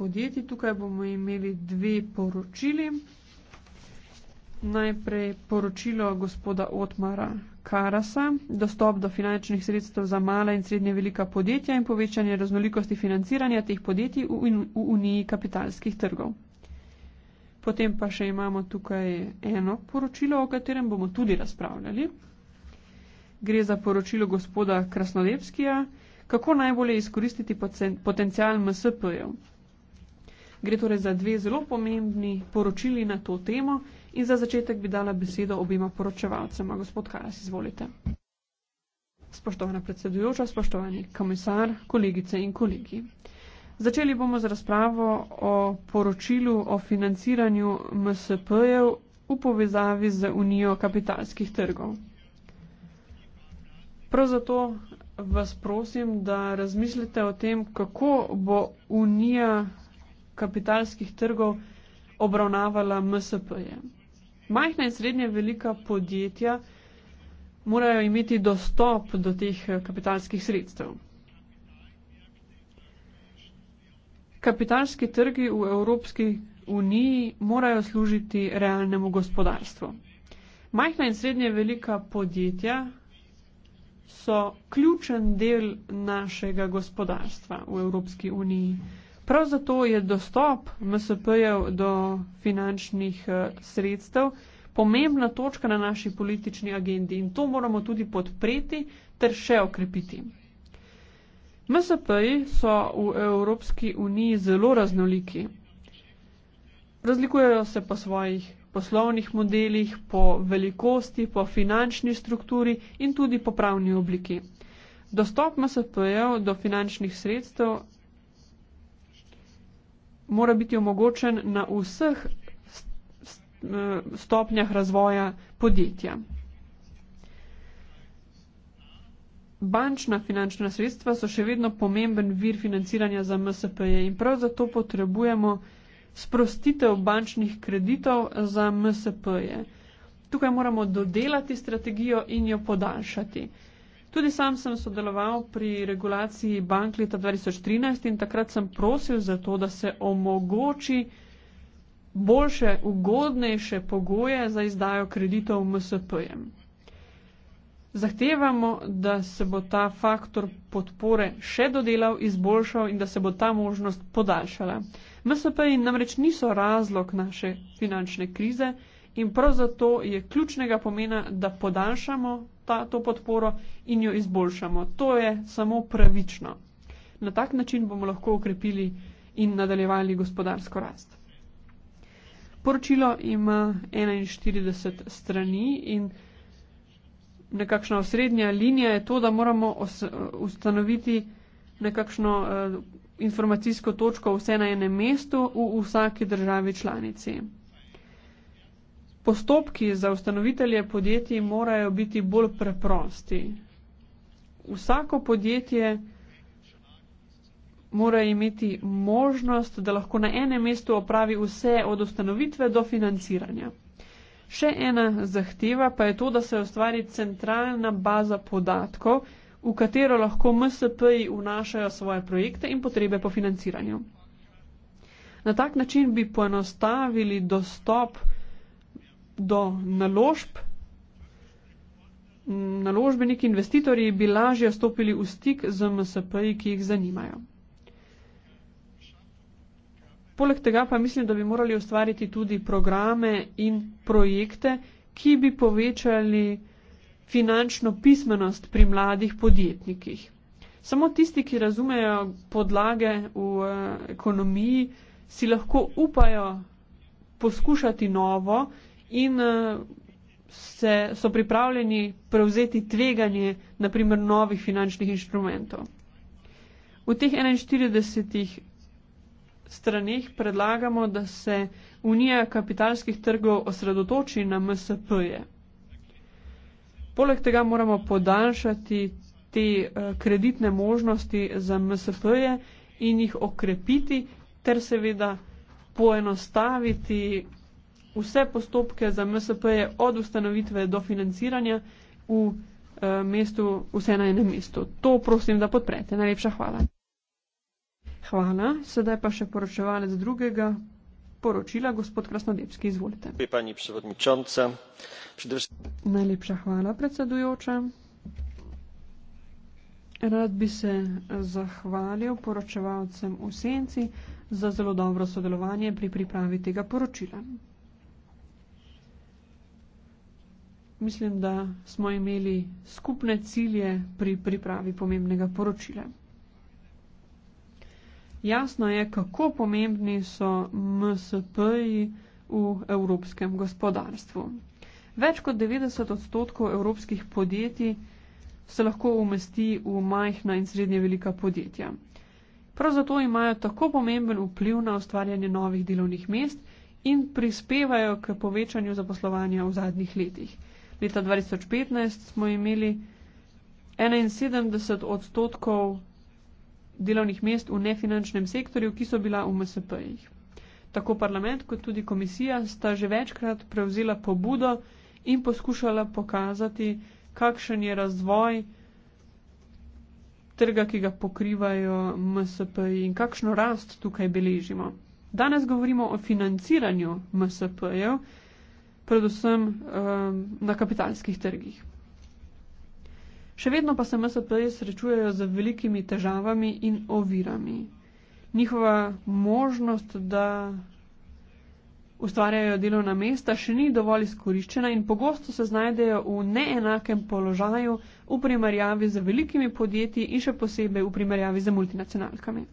podjetij. Tukaj bomo imeli dve poročili. Najprej poročilo gospoda Otmara Karasa, dostop do finančnih sredstev za mala in srednje velika podjetja in povečanje raznolikosti financiranja teh podjetij v, in, v Uniji kapitalskih trgov. Potem pa še imamo tukaj eno poročilo, o katerem bomo tudi razpravljali. Gre za poročilo gospoda Krasnodevskija, kako najbolje izkoristiti potencial MSP-jev. Gre torej za dve zelo pomembni poročili na to temo in za začetek bi dala besedo obima poročevalcema. Gospod Karas, izvolite. Spoštovana predsedujoča, spoštovani komisar, kolegice in kolegi. Začeli bomo z razpravo o poročilu o financiranju MSP-jev v povezavi z Unijo kapitalskih trgov. Prav zato vas prosim, da razmislite o tem, kako bo Unija kapitalskih trgov obravnavala MSP-je. Majhna in srednje velika podjetja morajo imeti dostop do teh eh, kapitalskih sredstev. Kapitalski trgi v Evropski uniji morajo služiti realnemu gospodarstvu. Majhna in srednje velika podjetja so ključen del našega gospodarstva v Evropski uniji. Prav zato je dostop MSP-jev do finančnih eh, sredstev pomembna točka na naši politični agendi in to moramo tudi podpreti ter še okrepiti. MSP-ji so v Evropski uniji zelo raznoliki. Razlikujejo se po svojih poslovnih modelih, po velikosti, po finančni strukturi in tudi po pravni obliki. Dostop MSP-jev do finančnih sredstev mora biti omogočen na vseh stopnjah razvoja podjetja. Bančna finančna sredstva so še vedno pomemben vir financiranja za MSP-je in prav zato potrebujemo sprostitev bančnih kreditov za MSP-je. Tukaj moramo dodelati strategijo in jo podaljšati. Tudi sam sem sodeloval pri regulaciji bank leta 2013 in takrat sem prosil za to, da se omogoči boljše, ugodnejše pogoje za izdajo kreditov MSP-jem. Zahtevamo, da se bo ta faktor podpore še dodelal, izboljšal in da se bo ta možnost podaljšala. MSP-ji namreč niso razlog naše finančne krize in prav zato je ključnega pomena, da podaljšamo ta, to podporo in jo izboljšamo. To je samo pravično. Na tak način bomo lahko ukrepili in nadaljevali gospodarsko rast. Poročilo ima 41 strani in nekakšna osrednja linija je to, da moramo ustanoviti nekakšno eh, informacijsko točko vse na enem mestu v vsaki državi članici postopki za ustanovitelje podjetij morajo biti bolj preprosti. Vsako podjetje mora imeti možnost, da lahko na enem mestu opravi vse od ustanovitve do financiranja. Še ena zahteva pa je to, da se ustvari centralna baza podatkov, v katero lahko MSP-ji vnašajo svoje projekte in potrebe po financiranju. Na tak način bi poenostavili dostop do do naložb, naložbeniki investitorji bi lažje stopili v stik z MSP-ji, ki jih zanimajo. Poleg tega pa mislim, da bi morali ustvariti tudi programe in projekte, ki bi povečali finančno pismenost pri mladih podjetnikih. Samo tisti, ki razumejo podlage v eh, ekonomiji, si lahko upajo poskušati novo, in eh, se, so pripravljeni prevzeti tveganje, naprimer, novih finančnih inštrumentov. V teh 41 straneh predlagamo, da se Unija kapitalskih trgov osredotoči na MSP-je. Poleg tega moramo podaljšati te eh, kreditne možnosti za MSP-je in jih okrepiti ter seveda poenostaviti vse postopke za MSP je od ustanovitve do financiranja v eh, mestu, vse na enem mestu. To prosim, da podprete. Najlepša hvala. Hvala. Sedaj pa še poročevalec drugega poročila, gospod Krasnodebski, izvolite. Najlepša hvala, predsedujoča. Rad bi se zahvalil poročevalcem v Senci za zelo dobro sodelovanje pri pripravi tega poročila. mislim, da smo imeli skupne cilje pri pripravi pomembnega poročila. Jasno je, kako pomembni so MSP-ji v evropskem gospodarstvu. Več kot 90 odstotkov evropskih podjetij se lahko umesti v majhna in srednje velika podjetja. Prav zato imajo tako pomemben vpliv na ustvarjanje novih delovnih mest in prispevajo k povečanju zaposlovanja v zadnjih letih leta 2015 smo imeli 71 odstotkov delovnih mest v nefinančnem sektorju, ki so bila v MSP-jih. Tako parlament kot tudi komisija sta že večkrat prevzela pobudo in poskušala pokazati, kakšen je razvoj trga, ki ga pokrivajo MSP-ji in kakšno rast tukaj beležimo. Danes govorimo o financiranju MSP-jev predvsem um, na kapitalskih trgih. Še vedno pa se MSP-ji srečujejo z velikimi težavami in ovirami. Njihova možnost, da ustvarjajo delovna mesta, še ni dovolj izkoriščena in pogosto se znajdejo v neenakem položaju v primerjavi z velikimi podjetji in še posebej v primerjavi z multinacionalkami.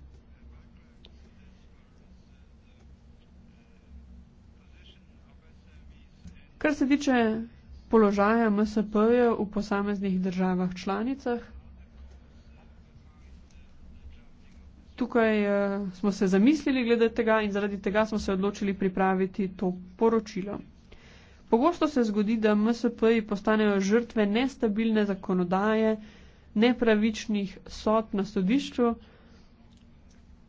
Kar se tiče položaja MSP-jev v posameznih državah članicah, tukaj uh, smo se zamislili glede tega in zaradi tega smo se odločili pripraviti to poročilo. Pogosto se zgodi, da MSP-ji postanejo žrtve nestabilne zakonodaje, nepravičnih sod na sodišču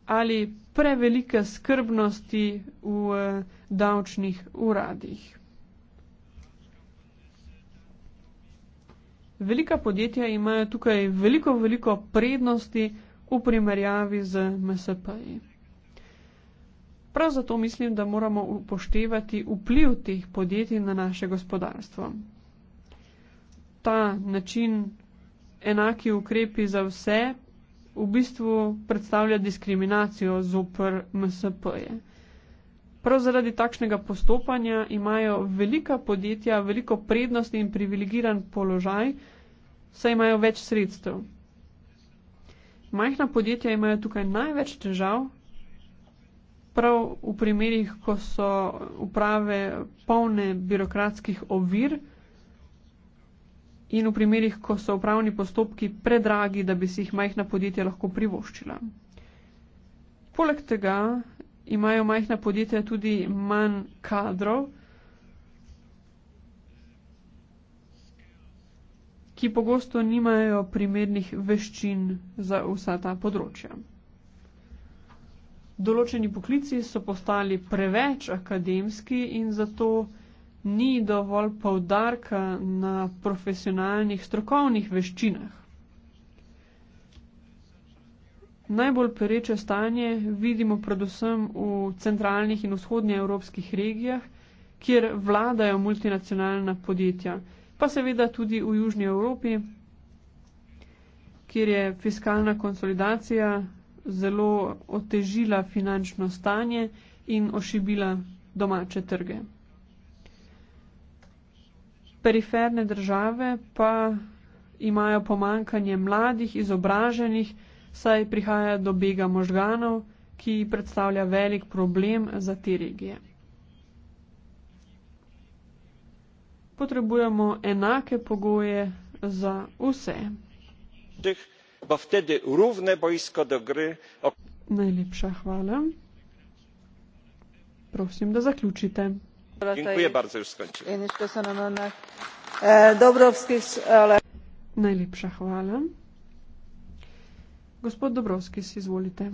ali prevelike skrbnosti v uh, davčnih uradih. velika podjetja imajo tukaj veliko, veliko prednosti v primerjavi z MSP-ji. Prav zato mislim, da moramo upoštevati vpliv teh podjetij na naše gospodarstvo. Ta način enaki ukrepi za vse v bistvu predstavlja diskriminacijo zopr MSP-je. Prav zaradi takšnega postopanja imajo velika podjetja veliko prednosti in privilegiran položaj, saj imajo več sredstev. Majhna podjetja imajo tukaj največ težav, prav v primerih, ko so uprave polne birokratskih ovir in v primerih, ko so upravni postopki predragi, da bi si jih majhna podjetja lahko privoščila. Poleg tega imajo majhna podjetja tudi manj kadrov, ki pogosto nimajo primernih veščin za vsa ta področja. Določeni poklici so postali preveč akademski in zato ni dovolj poudarka na profesionalnih strokovnih veščinah. Najbolj pereče stanje vidimo predvsem v centralnih in vzhodnjeevropskih regijah, kjer vladajo multinacionalna podjetja, pa seveda tudi v Južnji Evropi, kjer je fiskalna konsolidacija zelo otežila finančno stanje in ošibila domače trge. Periferne države pa imajo pomankanje mladih, izobraženih, saj prihaja do bega možganov, ki predstavlja velik problem za te regije. Potrebujemo enake pogoje za vse. Najlepša hvala. Prosim, da zaključite. Najlepša hvala. Gospod Dobrovski, si izvolite.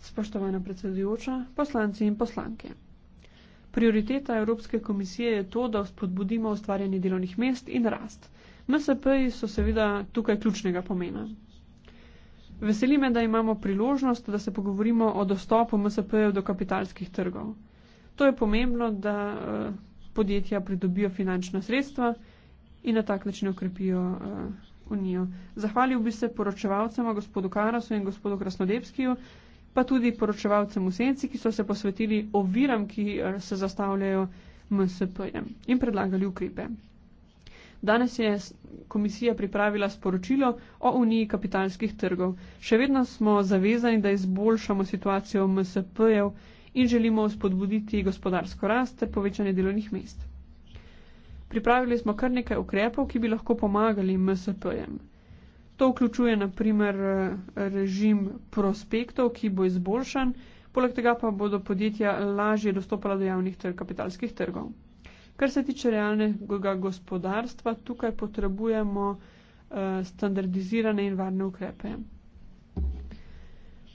Spoštovana predsedujoča, poslanci in poslanke. Prioriteta Evropske komisije je to, da spodbudimo ustvarjanje delovnih mest in rast. MSP-ji so seveda tukaj ključnega pomena. Veseli me, da imamo priložnost, da se pogovorimo o dostopu MSP-jev do kapitalskih trgov. To je pomembno, da eh, podjetja pridobijo finančna sredstva, in na tak način okrepijo uh, unijo. Zahvalil bi se poročevalcema gospodu Karasu in gospodu Krasnodebskiju, pa tudi poročevalcem v Senci, ki so se posvetili oviram, ki eh, se zastavljajo MSP-jem in predlagali ukrepe. Danes je komisija pripravila sporočilo o uniji kapitalskih trgov. Še vedno smo zavezani, da izboljšamo situacijo MSP-jev in želimo spodbuditi gospodarsko rast ter povečanje delovnih mest. Pripravili smo kar nekaj ukrepov, ki bi lahko pomagali MSP-jem. To vključuje naprimer eh, režim prospektov, ki bo izboljšan, poleg tega pa bodo podjetja lažje dostopala do javnih ter kapitalskih trgov. Kar se tiče realnega gospodarstva, tukaj potrebujemo eh, standardizirane in varne ukrepe.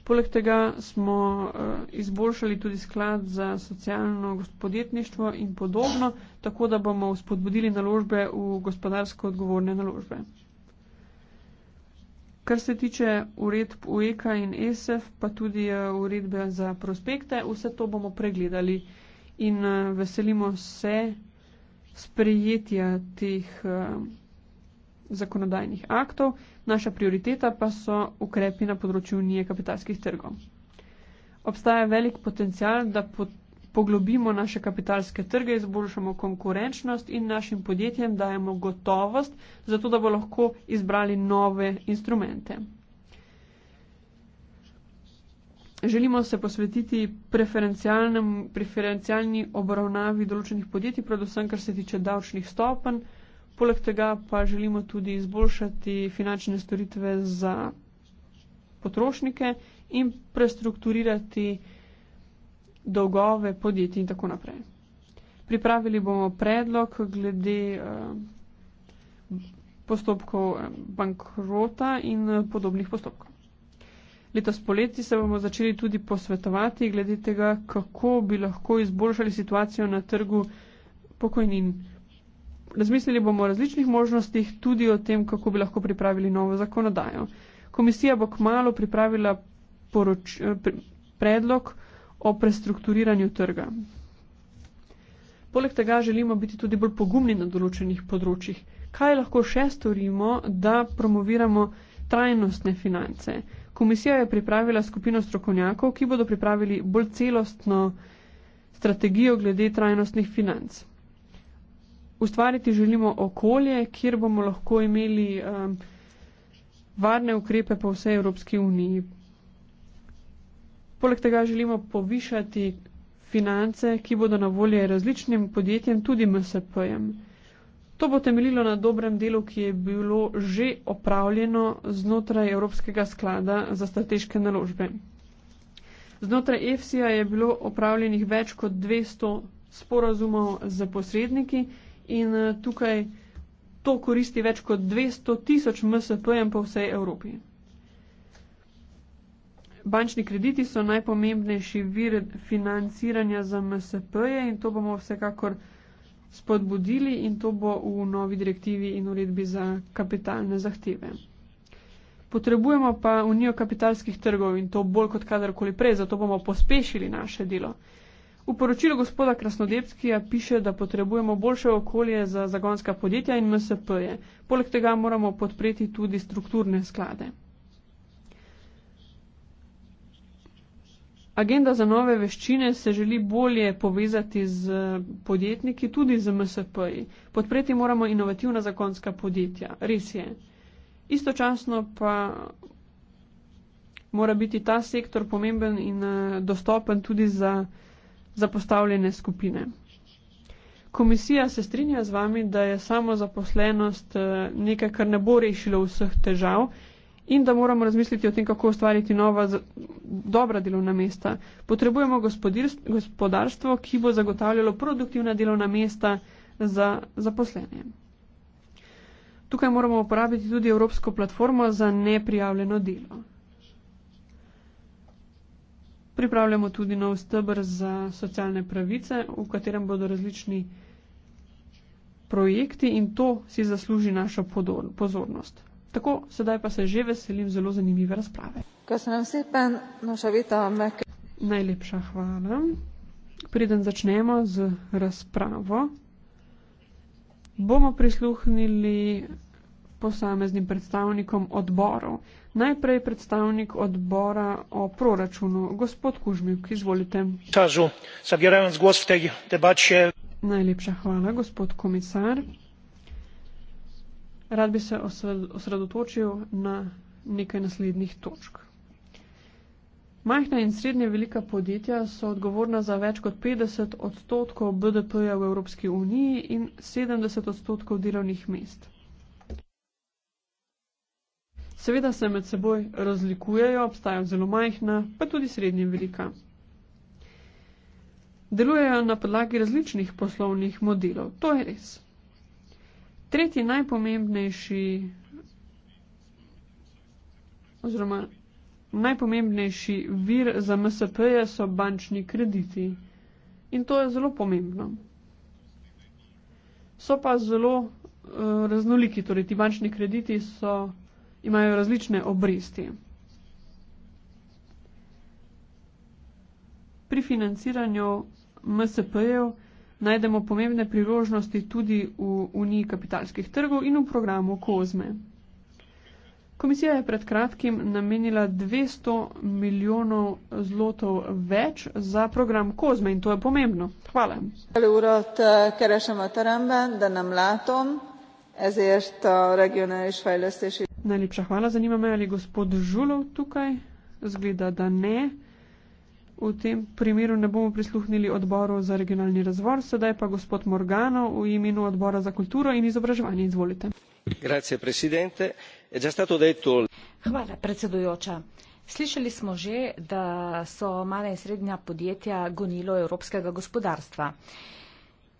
Poleg tega smo uh, izboljšali tudi sklad za socialno podjetništvo in podobno, tako da bomo spodbudili naložbe v gospodarsko odgovorne naložbe. Kar se tiče uredb UEK in ESF, pa tudi eh, uredbe za prospekte, vse to bomo pregledali in uh, veselimo se sprejetja teh. Uh, zakonodajnih aktov, naša prioriteta pa so ukrepi na področju unije kapitalskih trgov. Obstaja velik potencial, da poglobimo naše kapitalske trge, izboljšamo konkurenčnost in našim podjetjem dajemo gotovost, zato da bo lahko izbrali nove instrumente. Želimo se posvetiti preferencialni obravnavi določenih podjetij, predvsem kar se tiče davčnih stopenj, Poleg tega pa želimo tudi izboljšati finančne storitve za potrošnike in prestrukturirati dolgove podjetij in tako naprej. Pripravili bomo predlog glede eh, postopkov eh, bankrota in eh, podobnih postopkov. Letos poleti se bomo začeli tudi posvetovati glede tega, kako bi lahko izboljšali situacijo na trgu pokojnin. Razmislili bomo o različnih možnostih, tudi o tem, kako bi lahko pripravili novo zakonodajo. Komisija bo kmalo pripravila poroč, eh, predlog o prestrukturiranju trga. Poleg tega želimo biti tudi bolj pogumni na določenih področjih. Kaj lahko še storimo, da promoviramo trajnostne finance? Komisija je pripravila skupino strokovnjakov, ki bodo pripravili bolj celostno strategijo glede trajnostnih financ ustvariti želimo okolje, kjer bomo lahko imeli um, varne ukrepe po vsej Evropski uniji. Poleg tega želimo povišati finance, ki bodo na volje različnim podjetjem, tudi MSP-jem. To bo temeljilo na dobrem delu, ki je bilo že opravljeno znotraj Evropskega sklada za strateške naložbe. Znotraj EFSI-ja je bilo opravljenih več kot 200 sporazumov z posredniki, in eh, tukaj to koristi več kot 200 tisoč MSP-jem po vsej Evropi. Bančni krediti so najpomembnejši vir financiranja za MSP-je in to bomo vsekakor spodbudili in to bo v novi direktivi in uredbi za kapitalne zahteve. Potrebujemo pa unijo kapitalskih trgov in to bolj kot kadarkoli prej, zato bomo pospešili naše delo. V poročilu gospoda Krasnodebskija piše, da potrebujemo boljše okolje za zagonska podjetja in MSP-je. Poleg tega moramo podpreti tudi strukturne sklade. Agenda za nove veščine se želi bolje povezati z podjetniki, tudi z MSP-ji. Podpreti moramo inovativna zakonska podjetja, res je. Istočasno pa mora biti ta sektor pomemben in eh, dostopen tudi za podjetnike zapostavljene skupine. Komisija se strinja z vami, da je samo zaposlenost eh, nekaj, kar ne bo rešilo vseh težav in da moramo razmisliti o tem, kako ustvariti nova dobra delovna mesta. Potrebujemo gospodarstvo, ki bo zagotavljalo produktivna delovna mesta za zaposlene. Tukaj moramo uporabiti tudi Evropsko platformo za neprijavljeno delo pripravljamo tudi nov stebr za socialne pravice, v katerem bodo različni projekti in to si zasluži našo pozornost. Tako, sedaj pa se že veselim zelo zanimive razprave. Najlepša hvala. Preden začnemo z razpravo, bomo prisluhnili posameznim predstavnikom odborov. Najprej predstavnik odbora o proračunu, gospod Kužmjuk, izvolite. Najlepša hvala, gospod komisar. Rad bi se osredotočil na nekaj naslednjih točk. Majhna in srednje velika podjetja so odgovorna za več kot 50 odstotkov BDP-ja v Evropski uniji in 70 odstotkov delovnih mest. Seveda se med seboj razlikujejo, obstajajo zelo majhna, pa tudi srednje velika. Delujejo na podlagi različnih poslovnih modelov, to je res. Tretji najpomembnejši, oziroma najpomembnejši vir za MSP-je so bančni krediti. In to je zelo pomembno. So pa zelo uh, raznoliki, torej ti bančni krediti so imajo različne obresti. Pri financiranju MSP-jev najdemo pomembne priložnosti tudi v Uniji kapitalskih trgov in v programu COSME. Komisija je pred kratkim namenila 200 milijonov zlotov več za program COSME in to je pomembno. Hvala. Hvala. Eh, Najlepša hvala. Zanima me, ali je gospod Žulov tukaj. Zgleda, da ne. V tem primeru ne bomo prisluhnili odboru za regionalni razvor. Sedaj pa gospod Morgano v imenu odbora za kulturo in izobraževanje. Izvolite. Hvala, predsedujoča. Slišali smo že, da so mala in srednja podjetja gonilo evropskega gospodarstva.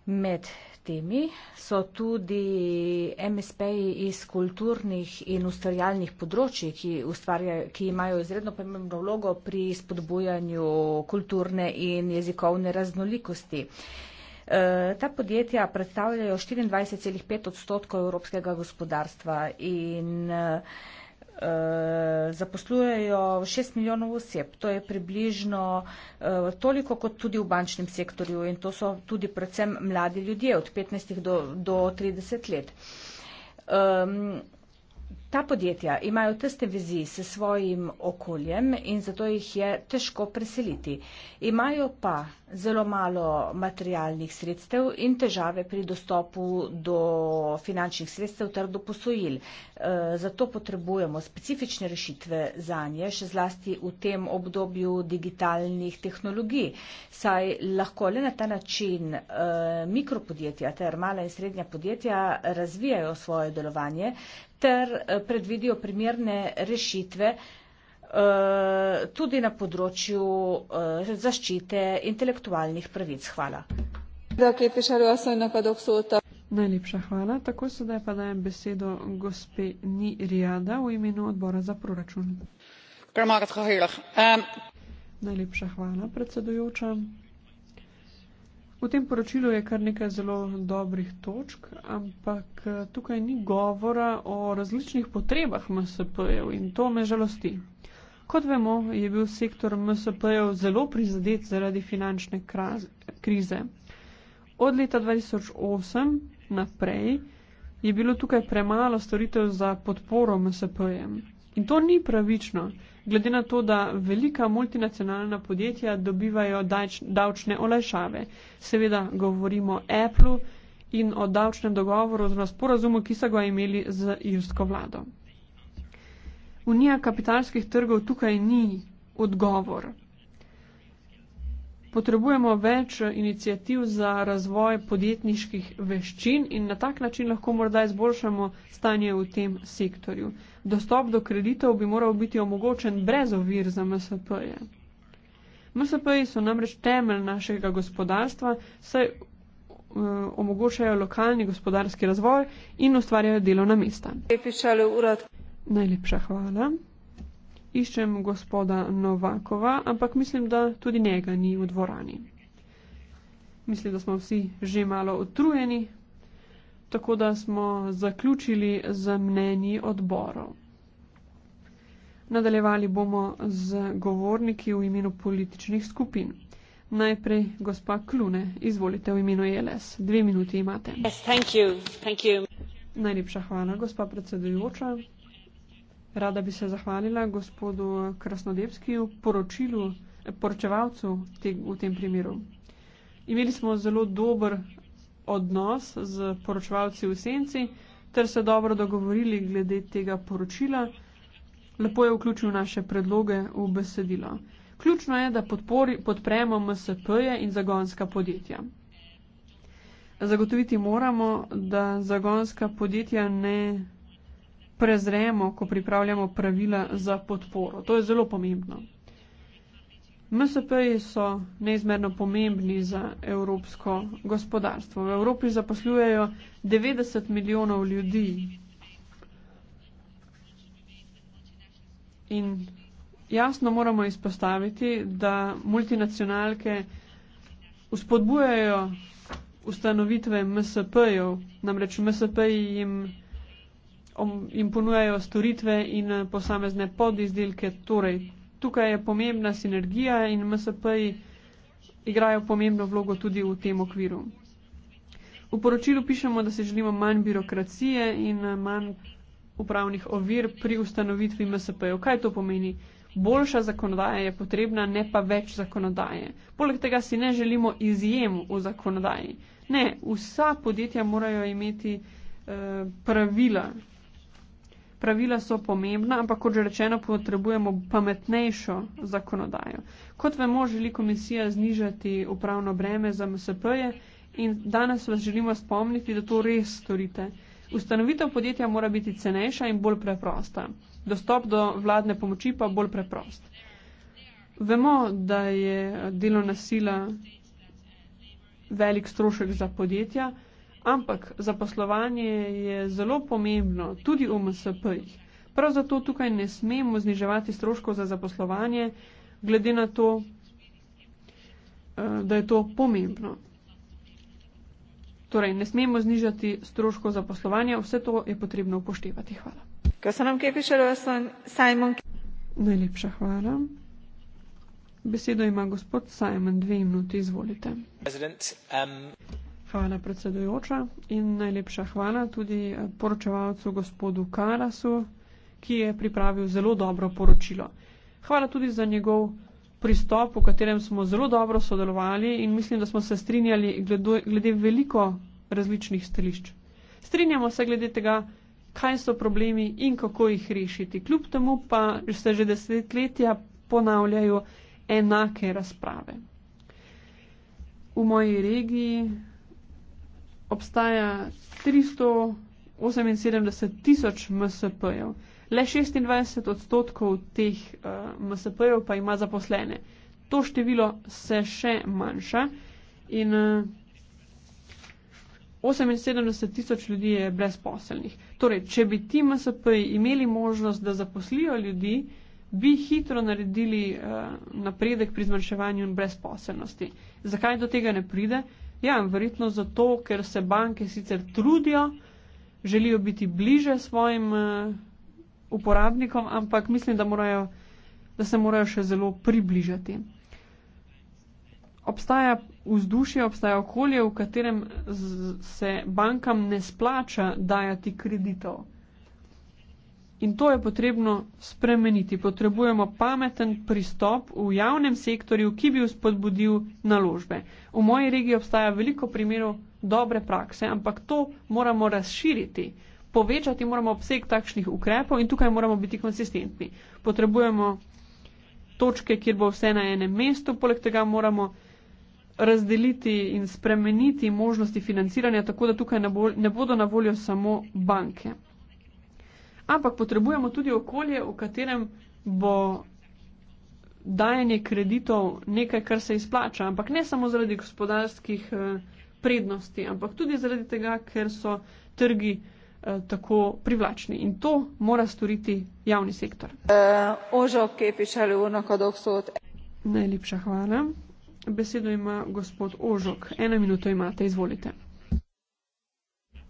Med temi so tudi MSP-ji iz kulturnih in ustvarjalnih področji, ki, ki imajo izredno pomembno vlogo pri spodbujanju kulturne in jezikovne raznolikosti. E, ta podjetja predstavljajo 24,5 odstotkov evropskega gospodarstva in e, Uh, zaposlujejo 6 milijonov oseb. To je približno uh, toliko kot tudi v bančnem sektorju in to so tudi predvsem mladi ljudje od 15 do, do 30 let. Um, Ta podjetja imajo teste vizi s svojim okoljem in zato jih je težko preseliti. Imajo pa zelo malo materialnih sredstev in težave pri dostopu do finančnih sredstev ter do posojil. E, zato potrebujemo specifične rešitve za nje, še zlasti v tem obdobju digitalnih tehnologij, saj lahko le na ta način e, mikropodjetja ter mala in srednja podjetja razvijajo svoje delovanje, ter eh, predvidijo primerne rešitve eh, tudi na področju eh, zaščite intelektualnih pravic. Hvala. Najlepša hvala. Tako sedaj pa dajem besedo gospe Nirjada v imenu odbora za proračun. Najlepša hvala, predsedujoča. V tem poročilu je kar nekaj zelo dobrih točk, ampak eh, tukaj ni govora o različnih potrebah MSP-jev in to me žalosti. Kot vemo, je bil sektor MSP-jev zelo prizadet zaradi finančne krize. Od leta 2008 naprej je bilo tukaj premalo storitev za podporo MSP-jem. In to ni pravično, glede na to, da velika multinacionalna podjetja dobivajo davčne olajšave. Seveda govorimo o Appleu in o davčnem dogovoru oziroma sporazumu, ki so ga imeli z irsko vlado. Unija kapitalskih trgov tukaj ni odgovor. Potrebujemo več inicijativ za razvoj podjetniških veščin in na tak način lahko morda izboljšamo stanje v tem sektorju. Dostop do kreditov bi moral biti omogočen brez ovir za MSP-je. MSP-ji so namreč temelj našega gospodarstva, saj eh, omogočajo lokalni gospodarski razvoj in ustvarjajo delovna mesta. Najlepša hvala. Iščem gospoda Novakova, ampak mislim, da tudi njega ni v dvorani. Mislim, da smo vsi že malo utrujeni, tako da smo zaključili z mnenji odborov. Nadaljevali bomo z govorniki v imenu političnih skupin. Najprej gospa Klune, izvolite v imenu JLS. E Dve minuti imate. Yes, thank you. Thank you. Najlepša hvala, gospa predsedujoča. Rada bi se zahvalila gospodu Krasnodebskiju, poročilu, poročevalcu te, v tem primeru. Imeli smo zelo dober odnos z poročevalci v senci ter se dobro dogovorili glede tega poročila. Lepo je vključil naše predloge v besedilo. Ključno je, da podpori, podpremo MSP-je in zagonska podjetja. Zagotoviti moramo, da zagonska podjetja ne prezremo, ko pripravljamo pravila za podporo. To je zelo pomembno. MSP-ji so neizmerno pomembni za evropsko gospodarstvo. V Evropi zaposlujejo 90 milijonov ljudi. In jasno moramo izpostaviti, da multinacionalke uspodbujajo ustanovitve MSP-jev, namreč MSP-ji jim, jim ponujajo storitve in eh, posamezne podizdelke, torej tukaj je pomembna sinergija in MSP-ji igrajo pomembno vlogo tudi v tem okviru. V poročilu pišemo, da se želimo manj birokracije in eh, manj upravnih ovir pri ustanovitvi MSP-jev. Kaj to pomeni? Boljša zakonodaja je potrebna, ne pa več zakonodaje. Poleg tega si ne želimo izjem v zakonodaji. Ne, vsa podjetja morajo imeti eh, pravila, Pravila so pomembna, ampak kot že rečeno, potrebujemo pametnejšo zakonodajo. Kot vemo, želi komisija znižati upravno breme za MSP-je in danes vas želimo spomniti, da to res storite. Ustanovitev podjetja mora biti cenejša in bolj preprosta. Dostop do vladne pomoči pa bolj preprost. Vemo, da je delovna sila velik strošek za podjetja ampak zaposlovanje je zelo pomembno, tudi v MSP-jih. Prav zato tukaj ne smemo zniževati stroškov za zaposlovanje, glede na to, eh, da je to pomembno. Torej, ne smemo znižati stroškov zaposlovanja, vse to je potrebno upoštevati. Hvala. Kaj se nam kje piše, da so Simon? Najlepša hvala. Besedo ima gospod Simon, dve minuti, izvolite. President, um... Hvala, predsedujoča, in najlepša hvala tudi eh, poročevalcu gospodu Karasu, ki je pripravil zelo dobro poročilo. Hvala tudi za njegov pristop, v katerem smo zelo dobro sodelovali in mislim, da smo se strinjali glede, glede veliko različnih stališč. Strinjamo se glede tega, kaj so problemi in kako jih rešiti. Kljub temu pa se že desetletja ponavljajo enake razprave. V moji regiji obstaja 378 tisoč MSP-jev. Le 26 odstotkov teh uh, eh, MSP-jev pa ima zaposlene. To število se še manjša in uh, eh, 78 tisoč ljudi je brezposelnih. Torej, če bi ti MSP imeli možnost, da zaposlijo ljudi, bi hitro naredili uh, napredek pri zmanjševanju brezposelnosti. Zakaj do tega ne pride? Uh, Ja, verjetno zato, ker se banke sicer trudijo, želijo biti bliže svojim eh, uporabnikom, ampak mislim, da, morajo, da se morajo še zelo približati. Obstaja vzdušje, obstaja okolje, v katerem se bankam ne splača dajati kreditov. In to je potrebno spremeniti. Potrebujemo pameten pristop v javnem sektorju, ki bi uspodbudil naložbe. V moji regiji obstaja veliko primerov dobre prakse, ampak to moramo razširiti. Povečati moramo obseg takšnih ukrepov in tukaj moramo biti konsistentni. Potrebujemo točke, kjer bo vse na enem mestu, poleg tega moramo razdeliti in spremeniti možnosti financiranja, tako da tukaj ne, bo, ne bodo na voljo samo banke ampak potrebujemo tudi okolje, v katerem bo dajanje kreditov nekaj, kar se izplača, ampak ne samo zaradi gospodarskih eh, prednosti, ampak tudi zaradi tega, ker so trgi eh, tako privlačni in to mora storiti javni sektor. Eh, Najlepša hvala. Besedo ima gospod Ožok. Eno minuto imate, izvolite.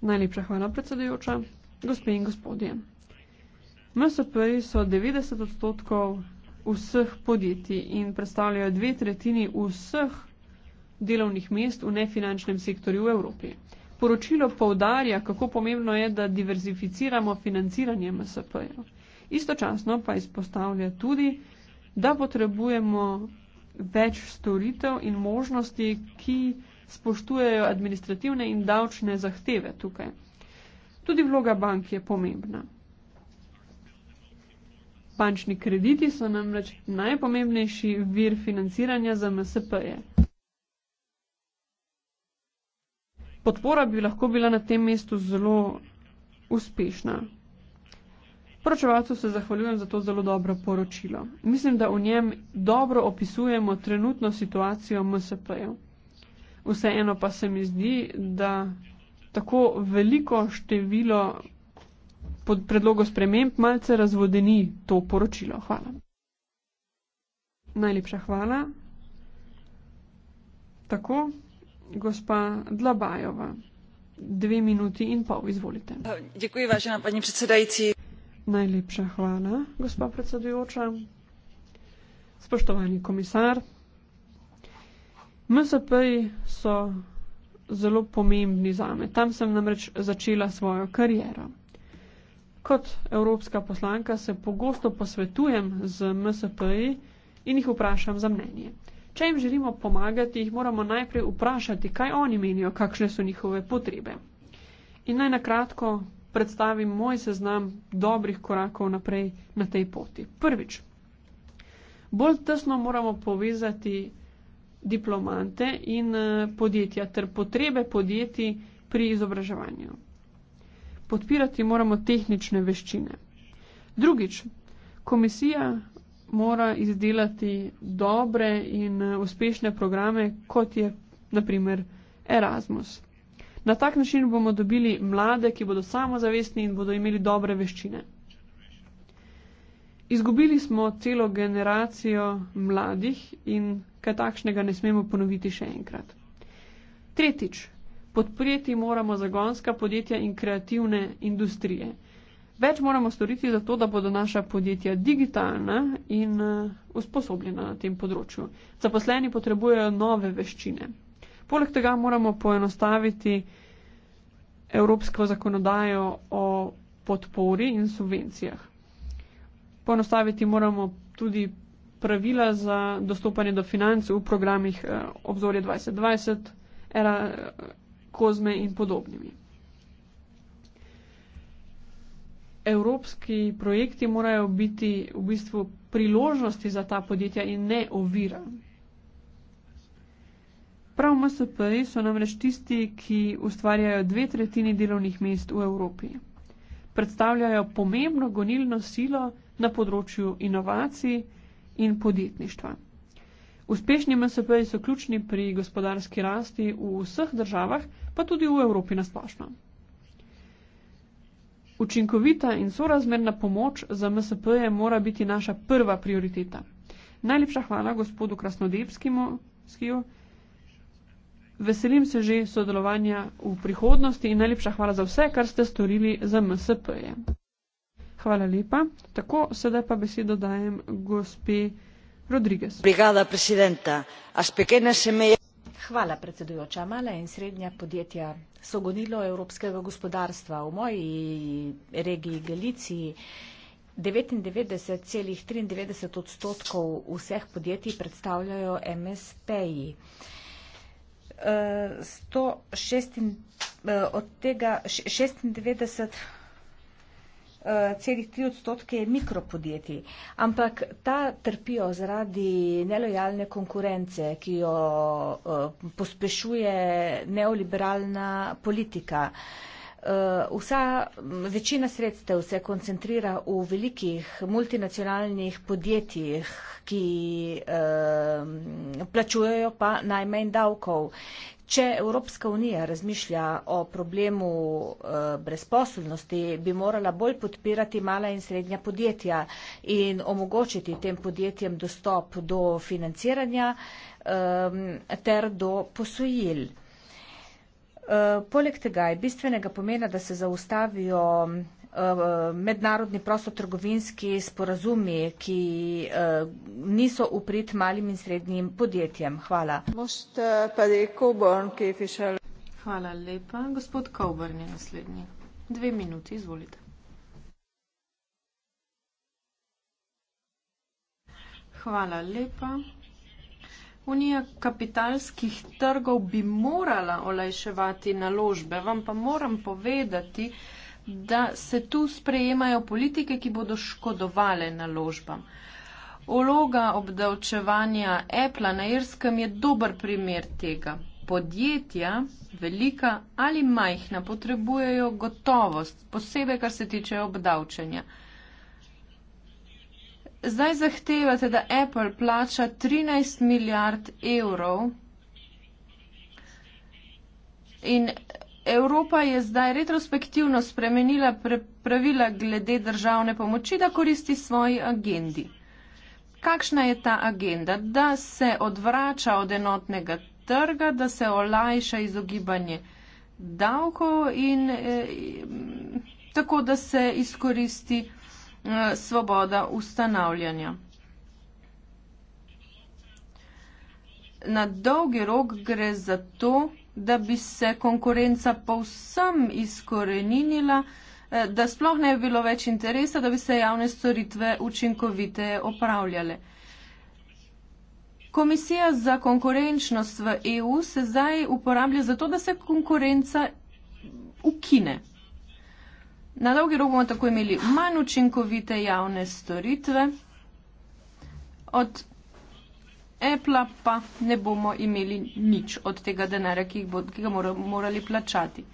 Najlepša hvala, predsedujoča. Gospe in gospodje. MSP-ji so 90 odstotkov vseh podjetij in predstavljajo dve tretjini vseh delovnih mest v nefinančnem sektorju v Evropi. Poročilo povdarja, kako pomembno je, da diverzificiramo financiranje MSP-jev. Istočasno pa izpostavlja tudi, da potrebujemo več storitev in možnosti, ki spoštujejo administrativne in davčne zahteve tukaj. Tudi vloga bank je pomembna. Bančni krediti so namreč najpomembnejši vir financiranja za MSP-je. Podpora bi lahko bila na tem mestu zelo uspešna. Pročevalcu se zahvaljujem za to zelo dobro poročilo. Mislim, da v njem dobro opisujemo trenutno situacijo MSP-jev. Vseeno pa se mi zdi, da tako veliko število pod predlogo sprememb malce razvodeni to poročilo. Hvala. Najlepša hvala. Tako, gospa Dlabajova, dve minuti in pol, izvolite. Děkuji, vážená paní predsedajci. Najlepša hvala, gospa predsedujoča. Spoštovani komisar, MSP so zelo pomembni zame. Tam sem namreč začela svojo kariero. Kot evropska poslanka se pogosto posvetujem z MSP-ji in jih vprašam za mnenje. Če jim želimo pomagati, jih moramo najprej vprašati, kaj oni menijo, kakšne so njihove potrebe. In naj nakratko predstavim moj seznam dobrih korakov naprej na tej poti. Prvič, bolj tesno moramo povezati diplomante in eh, podjetja ter potrebe podjetij pri izobraževanju podpirati moramo tehnične veščine. Drugič, komisija mora izdelati dobre in uspešne programe, kot je naprimer Erasmus. Na tak način bomo dobili mlade, ki bodo samozavestni in bodo imeli dobre veščine. Izgubili smo celo generacijo mladih in kaj takšnega ne smemo ponoviti še enkrat. Tretjič, Podpreti moramo zagonska podjetja in kreativne industrije. Več moramo storiti za to, da bodo naša podjetja digitalna in eh, usposobljena na tem področju. Zaposleni potrebujejo nove veščine. Poleg tega moramo poenostaviti evropsko zakonodajo o podpori in subvencijah. Poenostaviti moramo tudi pravila za dostopanje do financ v programih eh, obzorje 2020. Era, Kozme in podobnimi. Evropski projekti morajo biti v bistvu priložnosti za ta podjetja in ne ovira. Prav MSP-ji so namreč tisti, ki ustvarjajo dve tretjini delovnih mest v Evropi. Predstavljajo pomembno gonilno silo na področju inovacij in podjetništva. Uspešni MSP-ji so ključni pri gospodarski rasti v vseh državah, pa tudi v Evropi nasplošno. Učinkovita in sorazmerna pomoč za MSP-je mora biti naša prva prioriteta. Najlepša hvala gospodu Krasnodebskemu, Skiju. Veselim se že sodelovanja v prihodnosti in najlepša hvala za vse, kar ste storili za MSP-je. Hvala lepa. Tako, sedaj pa besedo dajem gospe. E Hvala, predsedujoča. Mala in srednja podjetja so gonilo evropskega gospodarstva. V moji regiji Galiciji 99,93 odstotkov vseh podjetij predstavljajo MSP-ji. Eh, eh, od tega 96 Eh, celih tri odstotke mikropodjetij. Ampak ta trpijo zaradi nelojalne konkurence, ki jo eh, pospešuje neoliberalna politika. Uh, Eh, vsa, večina sredstev se koncentrira v velikih multinacionalnih podjetjih, ki eh, plačujejo pa najmanj davkov. Če Evropska unija razmišlja o problemu eh, brezposobnosti, bi morala bolj podpirati mala in srednja podjetja in omogočiti tem podjetjem dostop do financiranja ter do posojil. Eh, poleg tega je bistvenega pomena, da se zaustavijo eh, mednarodni prostotrgovinski sporazumi, ki eh, niso uprit malim in srednjim podjetjem. Hvala. Hvala lepa. Gospod Kovbrn je naslednji. Dve minuti, izvolite. Hvala lepa. Unija kapitalskih trgov bi morala olajševati naložbe, vam pa moram povedati, da se tu sprejemajo politike, ki bodo škodovale naložbam. Uloga obdavčevanja Apple na Irskem je dober primer tega. Podjetja, velika ali majhna, potrebujejo gotovost, posebej kar se tiče obdavčanja zdaj zahtevate, da Apple plača 13 milijard evrov. In Evropa je zdaj retrospektivno spremenila pravila glede državne pomoči, da koristi svoji agendi. Kakšna je ta agenda? Da se odvrača od enotnega trga, da se olajša izogibanje davkov in e, tako, da se izkoristi. Eh, svoboda ustanavljanja. Na dolgi rok gre za to, da bi se konkurenca povsem izkoreninila, eh, da sploh ne bi bilo več interesa, da bi se javne storitve učinkovite opravljale. Komisija za konkurenčnost v EU se zdaj uporablja za to, da se konkurenca ukine. Na dolgi rok bomo tako imeli manj učinkovite javne storitve, od Apple pa ne bomo imeli nič od tega denarja, ki, bo, ki ga morali plačati.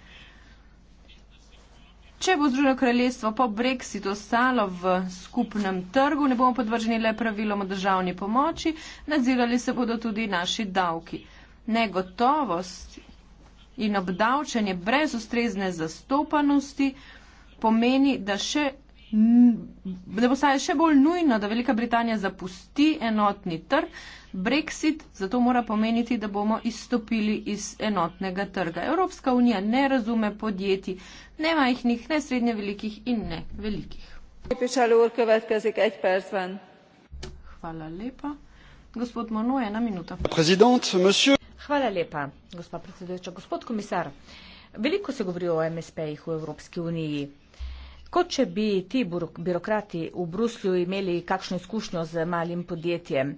Če bo Združeno kraljestvo po Brexitu ostalo v skupnem trgu, ne bomo podvrženi le pravilom o državni pomoči, nadzirali se bodo tudi naši davki. Negotovost in obdavčanje brez ustrezne zastopanosti, pomeni, da, še, da postaje še bolj nujno, da Velika Britanija zapusti enotni trg. Brexit zato mora pomeniti, da bomo izstopili iz enotnega trga. Evropska unija ne razume podjetij, ne majhnih, ne srednje velikih in ne velikih. Hvala lepa. Gospod Mono, ena minuta. Hvala lepa, gospod predsedujoča. Gospod komisar, veliko se govori o MSP-jih v Evropski uniji. Kot če bi ti birokrati v Bruslju imeli kakšno izkušnjo z malim podjetjem.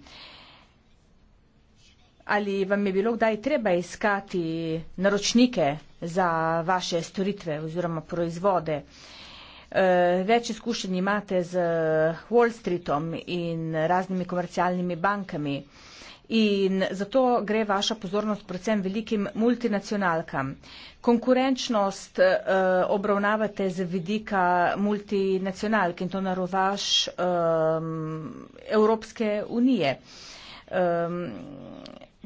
Ali vam je bilo kdaj treba iskati naročnike za vaše storitve oziroma proizvode? E, več izkušenj imate z Wall Streetom in raznimi komercialnimi bankami in zato gre vaša pozornost predvsem velikim multinacionalkam. Konkurenčnost eh, obravnavate z vidika multinacionalk in to na rovaš eh, Evropske unije. Eh,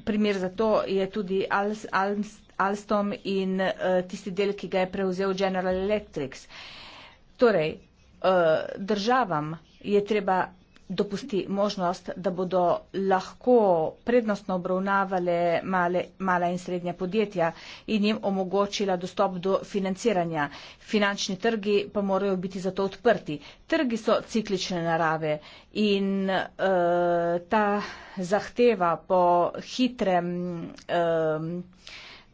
primer za to je tudi Als, Als, Alstom in eh, tisti del, ki ga je prevzel General Electric. Torej, eh, državam je treba dopusti možnost, da bodo lahko prednostno obravnavale male, mala in srednja podjetja in jim omogočila dostop do financiranja. Finančni trgi pa morajo biti zato odprti. Trgi so ciklične narave in e, ta zahteva po hitrem e,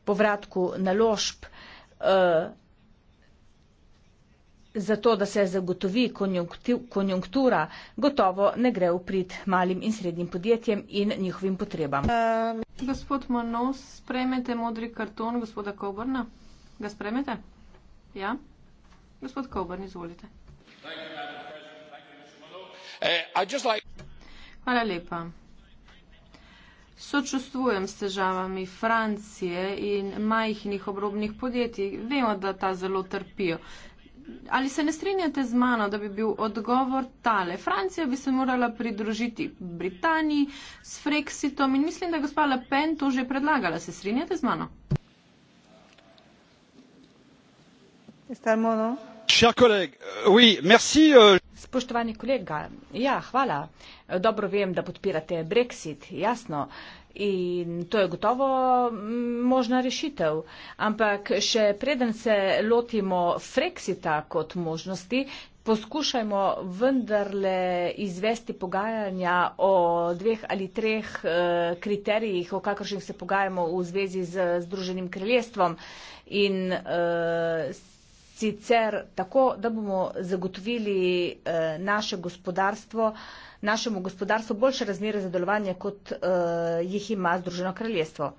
povratku naložb e, zato, da se zagotovi konjunktura, gotovo ne gre v prid malim in srednjim podjetjem in njihovim potrebam. Uh, gospod Monos, sprejmete modri karton gospoda Koborna? Ga sprejmete? Ja? Gospod Koborn, izvolite. Eh, Hvala lepa. Sočustvujem s težavami Francije in majhnih obrobnih podjetij. Vemo, da ta zelo trpijo ali se ne strinjate z mano, da bi bil odgovor tale? Francija bi se morala pridružiti Britaniji s Frexitom in mislim, da je gospa Le Pen to že predlagala. Se strinjate z mano? Euh, euh, Spoštovani kolega, ja, hvala. Dobro vem, da podpirate Brexit, jasno. In to je gotovo možna rešitev. Ampak še preden se lotimo Frexita kot možnosti, poskušajmo vendarle izvesti pogajanja o dveh ali treh eh, kriterijih, o kakršnih se pogajamo v zvezi z Združenim kraljestvom. In eh, sicer tako, da bomo zagotovili eh, naše gospodarstvo našemu gospodarstvu boljše razmere za delovanje, kot uh, jih ima Združeno kraljestvo.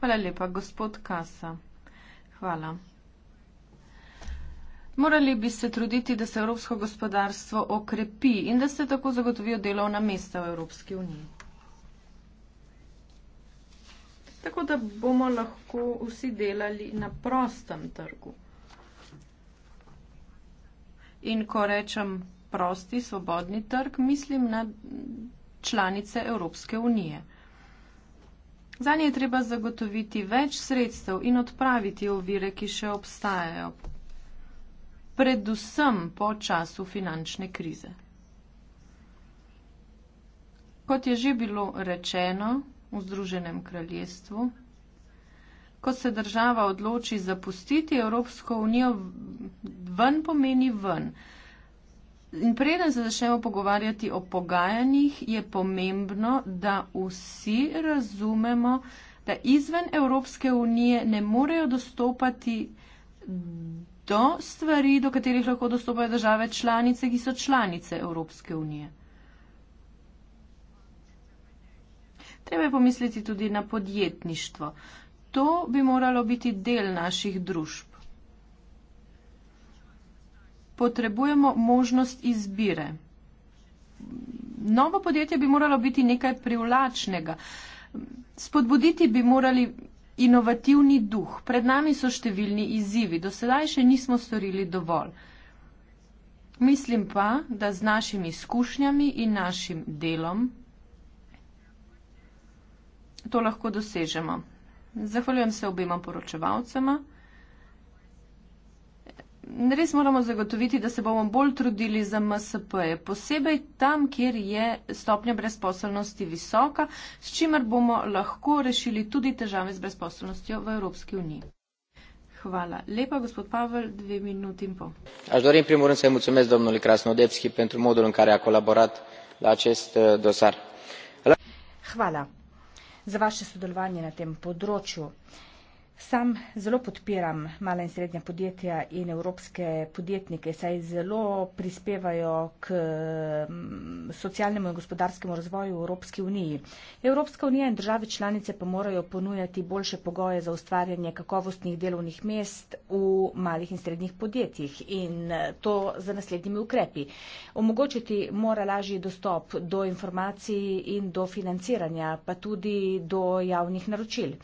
Hvala lepa, gospod Kasa. Hvala. Morali bi se truditi, da se evropsko gospodarstvo okrepi in da se tako zagotovijo delovna mesta v Evropski uniji. Tako da bomo lahko vsi delali na prostem trgu. In ko rečem prosti, svobodni trg, mislim na članice Evropske unije. Za nje je treba zagotoviti več sredstev in odpraviti ovire, ki še obstajajo, predvsem po času finančne krize. Kot je že bilo rečeno v Združenem kraljestvu, ko se država odloči zapustiti Evropsko unijo, ven pomeni ven. In preden se začnemo pogovarjati o pogajanjih, je pomembno, da vsi razumemo, da izven Evropske unije ne morejo dostopati do stvari, do katerih lahko dostopajo države članice, ki so članice Evropske unije. Treba je pomisliti tudi na podjetništvo. To bi moralo biti del naših družb. Potrebujemo možnost izbire. Novo podjetje bi moralo biti nekaj privlačnega. Spodbuditi bi morali inovativni duh. Pred nami so številni izzivi. Do sedaj še nismo storili dovolj. Mislim pa, da z našimi izkušnjami in našim delom to lahko dosežemo. Zahvaljujem se obema poročevalcema. Res moramo zagotoviti, da se bomo bolj trudili za MSP, -je. posebej tam, kjer je stopnja brezposelnosti visoka, s čimer bomo lahko rešili tudi težave z brezposelnostjo v Evropski uniji. Hvala. Lepa, gospod Pavel, dve minuti in pol. Aș dori în primul rând să-i mulțumesc domnului Krasno Depski pentru modul în care a colaborat la acest eh, dosar. Hvala za vaše sodelovanje na tem področju. Sam zelo podpiram mala in srednja podjetja in evropske podjetnike, saj zelo prispevajo k mm, socialnemu in gospodarskemu razvoju v Evropski uniji. Evropska unija in države članice pa morajo ponujati boljše pogoje za ustvarjanje kakovostnih delovnih mest v malih in srednjih podjetjih in eh, to za naslednjimi ukrepi. Omogočiti mora lažji dostop do informacij in do financiranja, pa tudi do javnih naročil.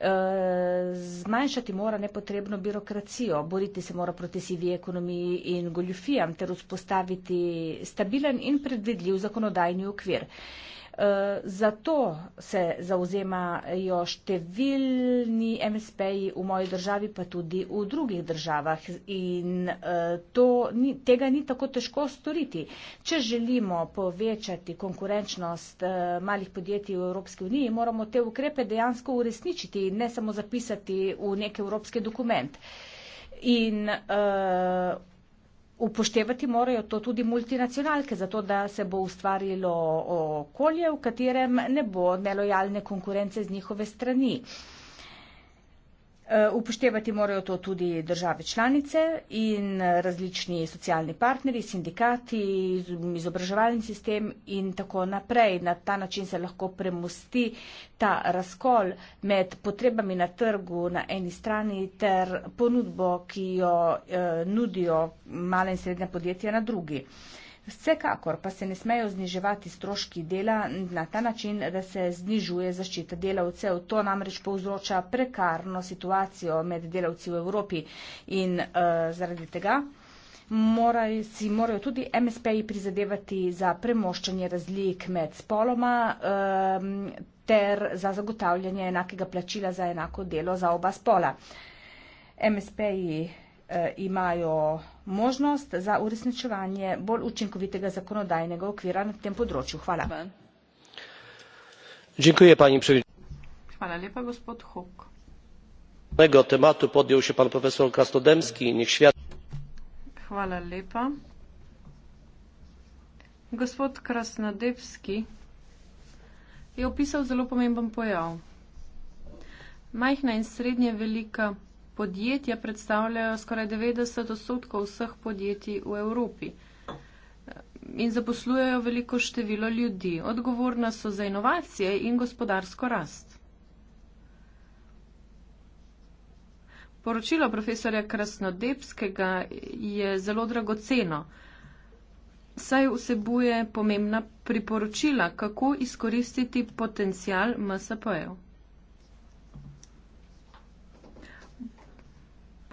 Eh, zmanjšati mora nepotrebno birokracijo, boriti se mora proti sivi ekonomiji in goljufijam ter vzpostaviti stabilen in predvidljiv zakonodajni okvir. Eh, zato se zauzemajo številni MSP-ji v moji državi, pa tudi v drugih državah. In eh, to, ni, tega ni tako težko storiti. Če želimo povečati konkurenčnost eh, malih podjetij v Evropski uniji, moramo te ukrepe dejansko uresničiti in ne samo zapisati v neki evropski dokument. In uh, Upoštevati morajo to tudi multinacionalke, zato da se bo ustvarilo okolje, v katerem ne bo nelojalne konkurence z njihove strani. Eh, upoštevati morajo to tudi države članice in eh, različni socialni partnerji, sindikati, izobraževalni sistem in tako naprej. Na ta način se lahko premusti ta razkol med potrebami na trgu na eni strani ter ponudbo, ki jo eh, nudijo male in srednje podjetja na drugi. Vsekakor pa se ne smejo zniževati stroški dela na ta način, da se znižuje zaščita delavcev. To namreč povzroča prekarno situacijo med delavci v Evropi in uh, zaradi tega moraj, si morajo tudi MSP-ji prizadevati za premoščanje razlik med spoloma um, ter za zagotavljanje enakega plačila za enako delo za oba spola. MSP-ji uh, eh, imajo možnost za uresničevanje bolj učinkovitega zakonodajnega okvira na tem področju. Hvala. Dziękuję pani Hvala lepa, gospod Hock. Tematu podjel še pan profesor Krasnodemski in jih svet. Hvala lepa. Gospod Krasnodemski je opisal zelo pomemben pojav. Majhna in srednje velika podjetja predstavljajo skoraj 90 odstotkov vseh podjetij v Evropi. In zaposlujejo veliko število ljudi. Odgovorna so za inovacije in gospodarsko rast. Poročilo profesorja Krasnodebskega je zelo dragoceno. Saj vsebuje pomembna priporočila, kako izkoristiti potencial MSP-jev.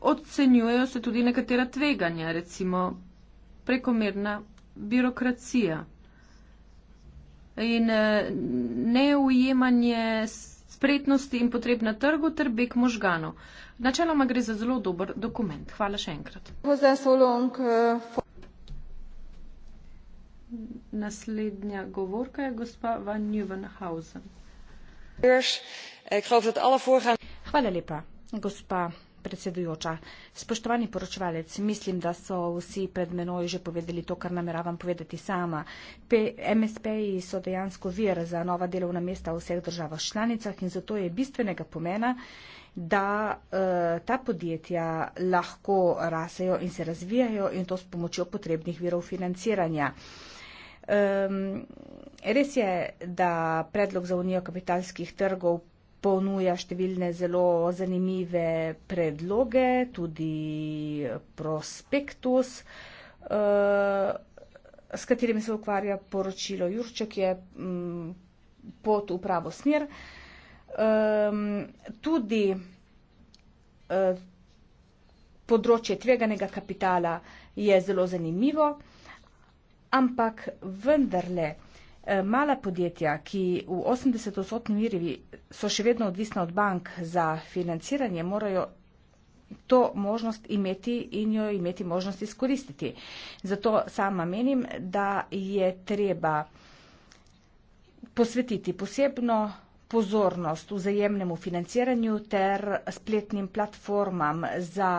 ocenjujejo se tudi nekatera tveganja, recimo prekomerna birokracija in eh, neujemanje spretnosti in potreb na trgu ter beg možganov. Načeloma gre za zelo dober dokument. Hvala še enkrat. Eh, Naslednja govorka je gospa Van Nieuwenhausen. Hvala lepa, gospa predsedujoča. Spoštovani poročevalec, mislim, da so vsi pred menoj že povedali to, kar nameravam povedati sama. MSP-ji so dejansko vir za nova delovna mesta v vseh državah članicah in zato je bistvenega pomena, da uh, ta podjetja lahko rasejo in se razvijajo in to s pomočjo potrebnih virov financiranja. Um, res je, da predlog za unijo kapitalskih trgov ponuja številne zelo zanimive predloge, tudi prospektus, eh, s katerim se ukvarja poročilo Jurček, je mm, pot v pravo smer. Tudi eh, področje tveganega kapitala je zelo zanimivo, ampak vendarle, Eh, mala podjetja, ki v 80-odstotni miri so še vedno odvisna od bank za financiranje, morajo to možnost imeti in jo imeti možnost izkoristiti. Zato sama menim, da je treba posvetiti posebno pozornost vzajemnemu financiranju ter spletnim platformam za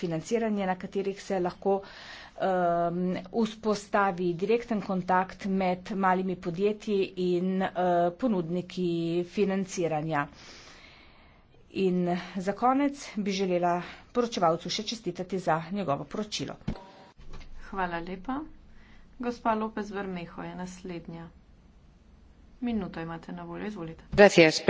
financiranje, na katerih se lahko um, vzpostavi direkten kontakt med malimi podjetji in uh, ponudniki financiranja. In za konec bi želela poročevalcu še čestitati za njegovo poročilo. Hvala lepa. Gospa López Vermejo je naslednja. Minuto imate na voljo, izvolite. Gracias,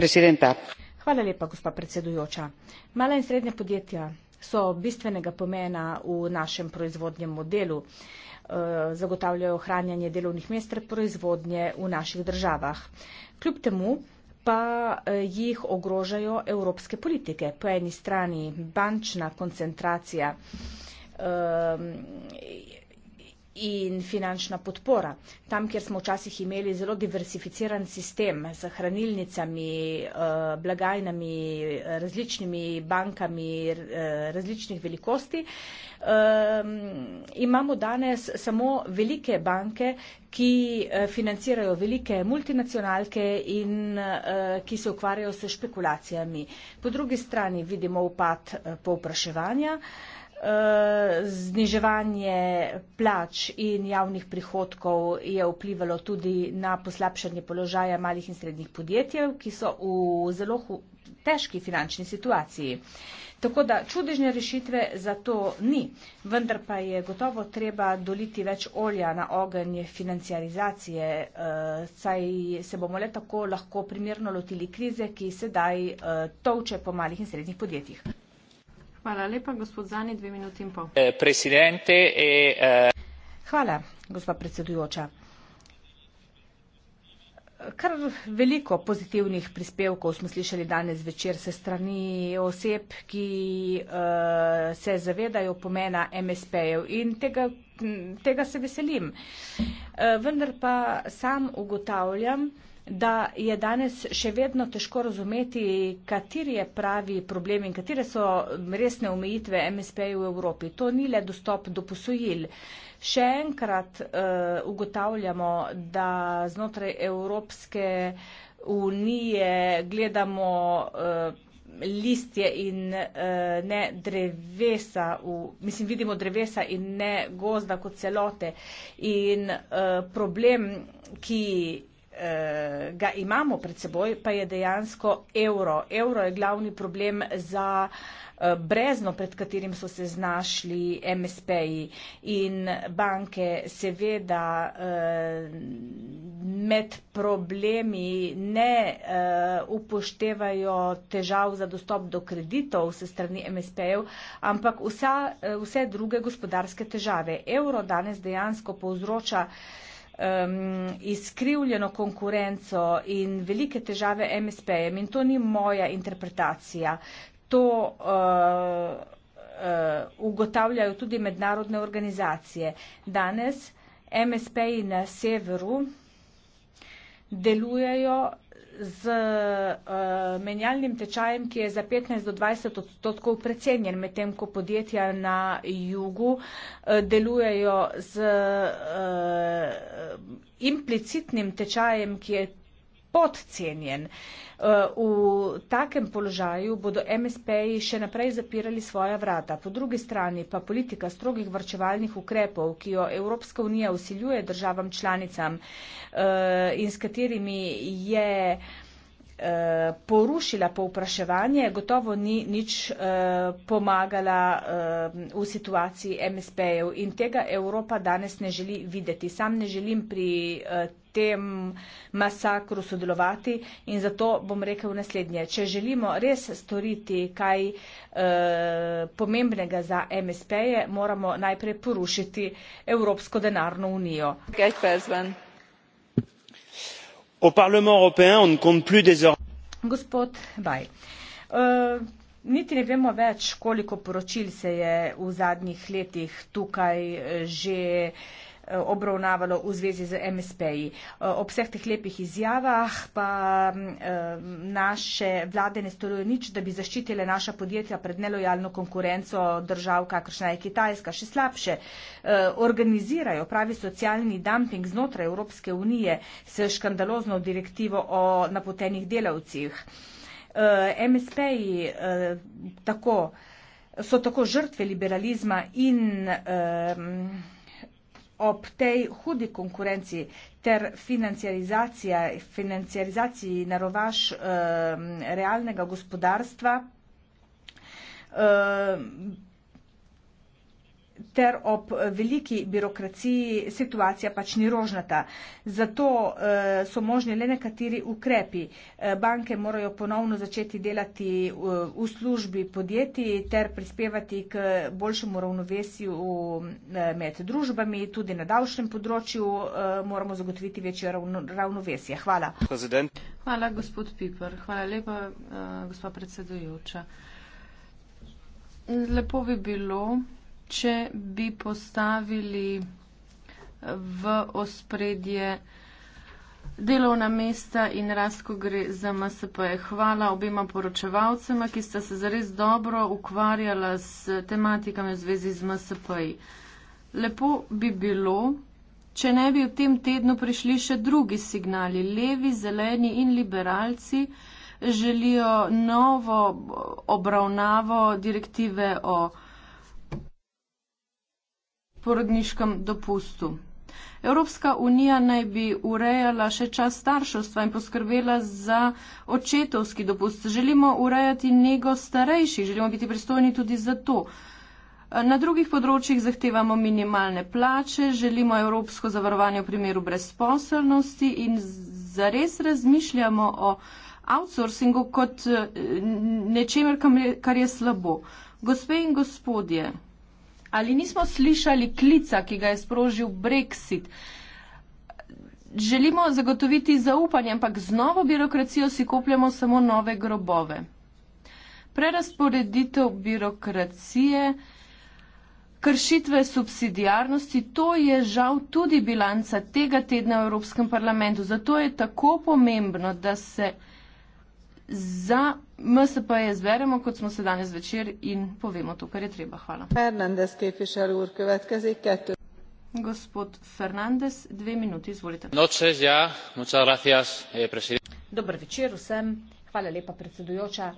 Hvala lepa, gospa predsedujoča. Mala in srednja podjetja so bistvenega pomena v našem proizvodnem modelu. Eh, zagotavljajo ohranjanje delovnih mest ter proizvodnje v naših državah. Kljub temu pa eh, jih ogrožajo evropske politike. Po eni strani bančna koncentracija eh, in finančna podpora. Tam, kjer smo včasih imeli zelo diversificiran sistem z hranilnicami, eh, blagajnami, različnimi bankami eh, različnih velikosti, ehm, imamo danes samo velike banke, ki eh, financirajo velike multinacionalke in ki se ukvarjajo s špekulacijami. Po drugi strani vidimo upad povpraševanja. Eh, zniževanje plač in javnih prihodkov je vplivalo tudi na poslabšanje položaja malih in srednjih podjetij, ki so v zelo težki finančni situaciji. Tako da čudežne rešitve za to ni, vendar pa je gotovo treba doliti več olja na ogenje financiarizacije, eh, saj se bomo le tako lahko primerno lotili krize, ki sedaj eh, tovče po malih in srednjih podjetjih. Eh, eh, eh. Hvala, gospa predsedujoča. Kar veliko pozitivnih prispevkov smo slišali danes večer se strani oseb, ki uh, se zavedajo pomena MSP-jev in tega, tega se veselim. Uh, vendar pa sam ugotavljam, da je danes še vedno težko razumeti, kateri je pravi problem in katere so resne omejitve MSP-ja v Evropi. To ni le dostop do posojil. Še enkrat uh, ugotavljamo, da znotraj Evropske unije gledamo uh, listje in uh, ne drevesa, v, mislim, vidimo drevesa in ne gozda kot celote. In uh, problem, ki Eh, ga imamo pred seboj, pa je dejansko evro. Evro je glavni problem za eh, brezno, pred katerim so se znašli MSP-ji in banke seveda eh, med problemi ne upoštevajo težav za dostop do kreditov se strani MSP-jev, ampak vsa, vse druge gospodarske težave. Evro danes dejansko povzroča um, izkrivljeno konkurenco in velike težave MSP-jem. In to ni moja interpretacija. To uh, uh, ugotavljajo tudi mednarodne organizacije. Danes MSP-ji na severu delujejo z uh, menjalnim tečajem, ki je za 15 do 20 odstotkov precenjen, medtem ko podjetja na jugu uh, delujejo z uh, implicitnim tečajem, ki je podcenjen. Eh, v takem položaju bodo MSP-ji še naprej zapirali svoja vrata. Po drugi strani pa politika strogih vrčevalnih ukrepov, ki jo Evropska unija usiljuje državam članicam eh, in s katerimi je eh, porušila povpraševanje, gotovo ni nič pomagala v situaciji MSP-jev in tega Evropa danes ne želi videti. Sam ne želim pri tem masakru sodelovati in zato bom rekel naslednje. Če želimo res storiti kaj e, pomembnega za MSP-je, moramo najprej porušiti Evropsko denarno unijo. Gospod Baj. E, eh, Niti ne vemo več, koliko poročil se je v zadnjih letih tukaj eh, že Eh, obravnavalo v zvezi z MSP-ji. Eh, ob vseh teh lepih izjavah pa mm, eh, naše vlade ne storijo nič, da bi zaščitile naša podjetja pred nelojalno konkurenco držav, kakršna je Kitajska. Še slabše, organizirajo pravi socialni dumping znotraj Evropske unije s škandalozno direktivo o napotenih delavcih. MSP-ji tako, so tako žrtve liberalizma in eh, ob tej hudi konkurenciji ter financializaciji na rovaž eh, realnega gospodarstva eh, ter ob eh, veliki birokraciji situacija pač ni rožnata. Zato eh, so možni le nekateri ukrepi. Eh, banke morajo ponovno začeti delati eh, v službi podjetij ter prispevati k boljšemu ravnovesju eh, med družbami. Tudi na davčnem področju eh, moramo zagotoviti večjo ravno, ravnovesje. Hvala. President. Hvala, gospod Piper. Hvala lepa, eh, gospa predsedujoča. Lepo bi bilo, če bi postavili eh, v ospredje delovna mesta in rast, ko gre za MSP. Hvala obima poročevalcema, ki sta se zares dobro ukvarjala s tematikami v zvezi z MSP. Lepo bi bilo, če ne bi v tem tednu prišli še drugi signali. Levi, zeleni in liberalci želijo novo obravnavo direktive o porodniškem dopustu. Evropska unija naj bi urejala še čas starševstva in poskrbela za očetovski dopust. Želimo urejati nego starejših, želimo biti pristojni tudi za to. Na drugih področjih zahtevamo minimalne plače, želimo evropsko zavarovanje v primeru brezposelnosti in zares razmišljamo o outsourcingu kot eh, nečemer, kar je slabo. Gospe in gospodje, ali nismo slišali klica, ki ga je sprožil Brexit. Želimo zagotoviti zaupanje, ampak z novo birokracijo si kopljamo samo nove grobove. Prerasporeditev birokracije, kršitve subsidijarnosti, to je žal tudi bilanca tega tedna v Evropskem parlamentu. Zato je tako pomembno, da se. Za MSP je zberemo, kot smo se danes večer in povemo to, kar je treba. Hvala. Fernandez, kefišar, ur, Gospod Fernandez, dve minuti, izvolite. Noces, ja. gracias, eh, Dober večer vsem, hvala lepa predsedujoča.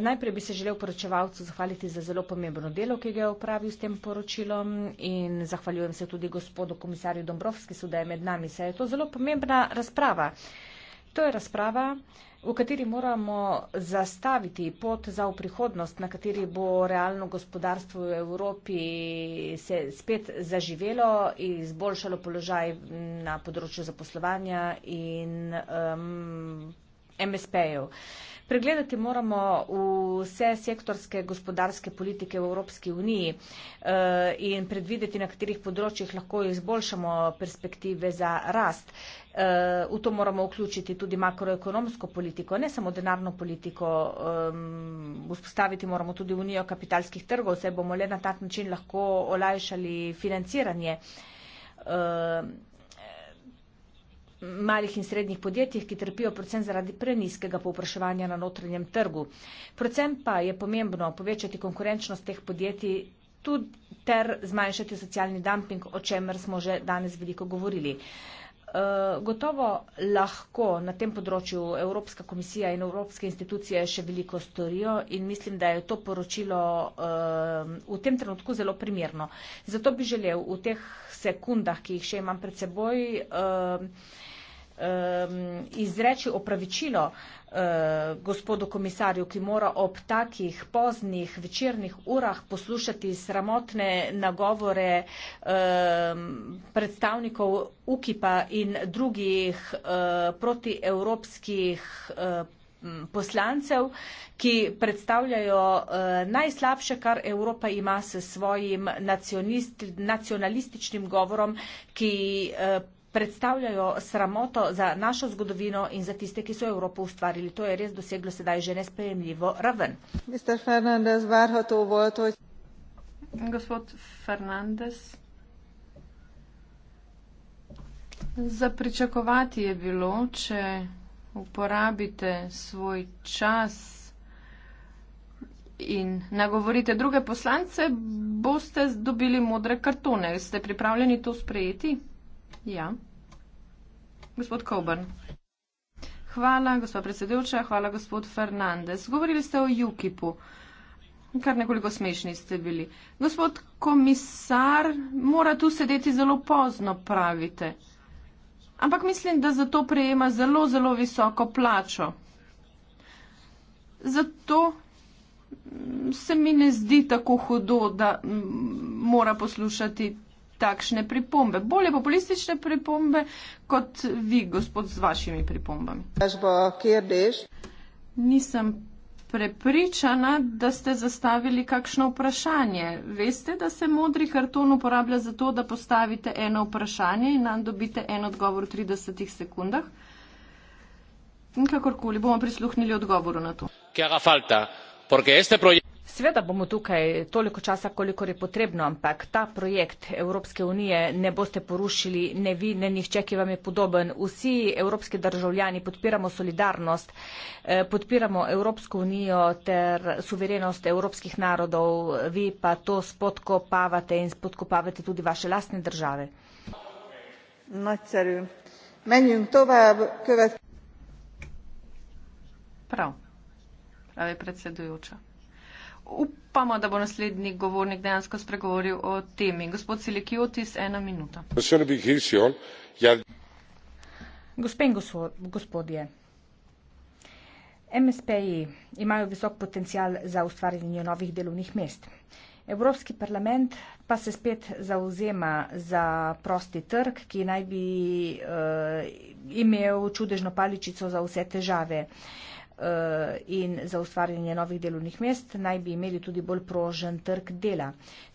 Najprej bi se želel poročevalcu zahvaliti za zelo pomembno delo, ki ga je opravil s tem poročilom in zahvaljujem se tudi gospodu komisarju Dombrovski, da je med nami. Se je to zelo pomembna razprava. To je razprava, v kateri moramo zastaviti pot za v prihodnost, na kateri bo realno gospodarstvo v Evropi se spet zaživelo in izboljšalo položaj na področju zaposlovanja in um, MSP-jev. Pregledati moramo vse sektorske gospodarske politike v Evropski uniji uh, in predvideti, na katerih področjih lahko izboljšamo perspektive za rast. Eh, v to moramo vključiti tudi makroekonomsko politiko, ne samo denarno politiko. Vzpostaviti moramo tudi unijo kapitalskih trgov, saj bomo le na tak način lahko olajšali financiranje malih in srednjih podjetjih, ki trpijo predvsem zaradi preniskega povpraševanja na notranjem trgu. Predvsem pa je pomembno povečati konkurenčnost teh podjetij tudi ter zmanjšati socialni dumping, o čemer smo že danes veliko govorili. Uh, Eh, gotovo lahko na tem področju Evropska komisija in Evropske institucije še veliko storijo in mislim, da je to poročilo uh, v tem trenutku zelo primerno. Zato bi želel v teh sekundah, ki jih še imam pred seboj, uh, Um, izreči opravičilo uh, gospodu komisarju, ki mora ob takih poznih večernih urah poslušati sramotne nagovore um, predstavnikov UKIP-a in drugih uh, protievropskih uh, poslancev, ki predstavljajo najslabše, kar Evropa ima s svojim nacionalističnim govorom, ki predstavljajo predstavljajo sramoto za našo zgodovino in za tiste, ki so Evropo ustvarili. To je res doseglo sedaj že nesprejemljivo raven. Gospod Fernandez. Za pričakovati je bilo, če uporabite svoj čas in nagovorite druge poslance, boste dobili modre kartone. Ste pripravljeni to sprejeti? Ja. Gospod Koban. Hvala, gospod predsedujoča, hvala, gospod Fernandez. Govorili ste o UKIP-u. Kar nekoliko smešni ste bili. Gospod komisar, mora tu sedeti zelo pozno, pravite. Ampak mislim, da zato prejema zelo, zelo visoko plačo. Zato se mi ne zdi tako hudo, da mora poslušati takšne pripombe, bolje populistične pripombe, kot vi, gospod, z vašimi pripombami. Nisem prepričana, da ste zastavili kakšno vprašanje. Veste, da se modri karton uporablja za to, da postavite eno vprašanje in nam dobite en odgovor v 30 sekundah. In kakorkoli bomo prisluhnili odgovoru na to. Falta, este projekt... Sveda bomo tukaj toliko časa, koliko je potrebno, ampak ta projekt Evropske unije ne boste porušili, ne vi, ne nihče, ki vam je podoben. Vsi evropski državljani podpiramo solidarnost, eh, podpiramo Evropsko unijo ter suverenost evropskih narodov, vi pa to spodkopavate in spodkopavate tudi vaše lastne države. Nagyszerű. Menjünk tovább, következő. Prav. Prav je predsedujúča upamo, da bo naslednji govornik dejansko spregovoril o temi. Gospod Silikiotis, ena minuta. Gospe in gospodje, MSP-ji imajo visok potencial za ustvarjanje novih delovnih mest. Evropski parlament pa se spet zauzema za prosti trg, ki naj bi uh, imel čudežno paličico za vse težave. Uh, Eh, in za ustvarjanje novih delovnih mest naj bi imeli tudi bolj prožen trg dela.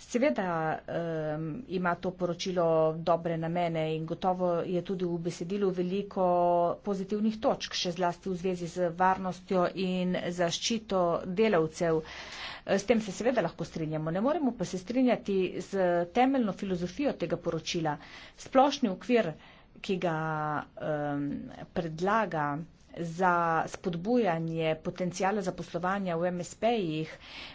Seveda um, ima to poročilo dobre namene in gotovo je tudi v besedilu veliko pozitivnih točk, še zlasti v zvezi z varnostjo in zaščito delavcev. Eh, s tem se seveda lahko strinjamo. Ne moremo pa se strinjati z temeljno filozofijo tega poročila. Splošni okvir, ki ga um, predlaga za spodbujanje potencijala zaposlovanja v MSP-jih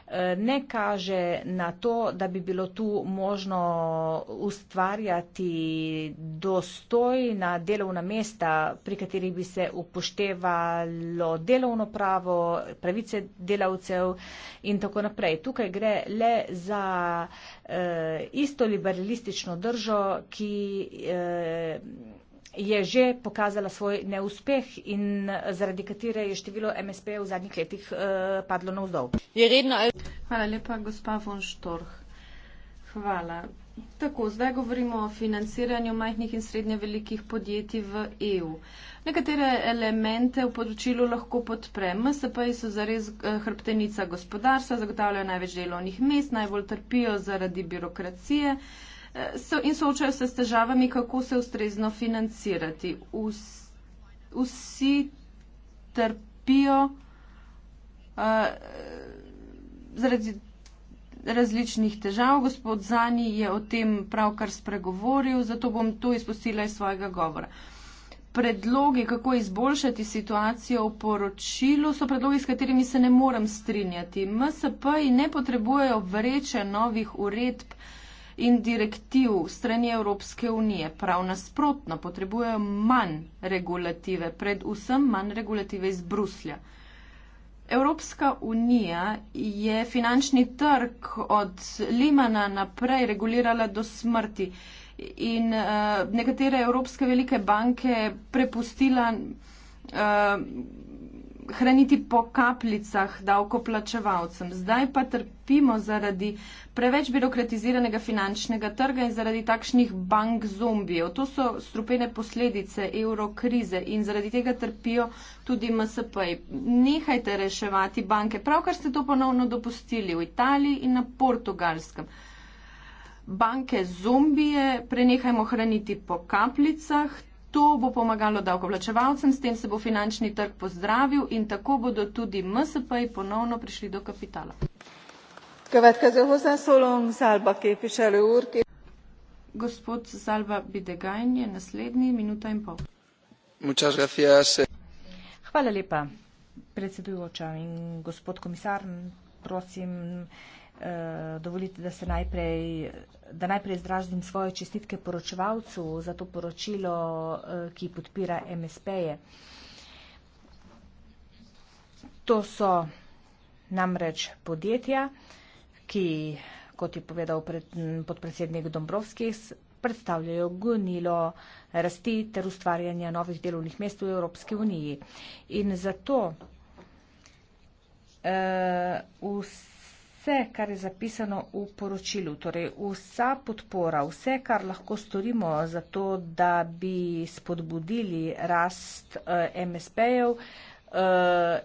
eh, ne kaže na to, da bi bilo tu možno ustvarjati dostojna delovna mesta, pri katerih bi se upoštevalo delovno pravo, pravice delavcev in tako naprej. Tukaj gre le za eh, isto liberalistično držo, ki eh, je že pokazala svoj neuspeh in eh, zaradi katere je število MSP v zadnjih letih eh, padlo navzdol. Hvala lepa, gospa von Štorh. Hvala. Tako, zdaj govorimo o financiranju majhnih in srednje velikih podjetij v EU. Nekatere elemente v področilu lahko podprem. MSP-ji so zares eh, hrbtenica gospodarstva, zagotavljajo največ delovnih mest, najbolj trpijo zaradi birokracije so in soočajo se s težavami, kako se ustrezno financirati. Vs, vsi trpijo uh, zaradi različnih težav. Gospod Zani je o tem pravkar spregovoril, zato bom to izpustila iz svojega govora. Predlogi, kako izboljšati situacijo v poročilu, so predlogi, s katerimi se ne morem strinjati. MSP-ji ne potrebujejo vreče novih uredb, uh, in direktiv strani Evropske unije. Prav nasprotno, potrebujejo manj regulative, predvsem manj regulative iz Bruslja. Evropska unija je finančni trg od Limana naprej regulirala do smrti in uh, nekatere evropske velike banke prepustila. Uh, hraniti po kapljicah davkoplačevalcem. Zdaj pa trpimo zaradi preveč birokratiziranega finančnega trga in zaradi takšnih bank zombijev. To so strupene posledice eurokrize in zaradi tega trpijo tudi MSP. -ji. Nehajte reševati banke. Pravkar ste to ponovno dopustili v Italiji in na Portugalskem. Banke zombije, prenehajmo hraniti po kapljicah, To bo pomagalo davkoplačevalcem, s tem se bo finančni trg pozdravil in tako bodo tudi MSP-ji ponovno prišli do kapitala. Gospod Salva Bidegajn je naslednji, minuta in pol. Eh. Hvala lepa, predsedujoča in gospod komisar, prosim. Eh, dovolite, da, se najprej, da najprej izrazim svoje čestitke poročevalcu za to poročilo, eh, ki podpira MSP-je. To so namreč podjetja, ki, kot je povedal pred, podpredsednik Dombrovskih, predstavljajo gonilo rasti ter ustvarjanja novih delovnih mest v Evropski uniji. In zato eh, vse vse, kar je zapisano v poročilu, torej vsa podpora, vse, kar lahko storimo za to, da bi spodbudili rast uh, eh, MSP-jev, uh, eh,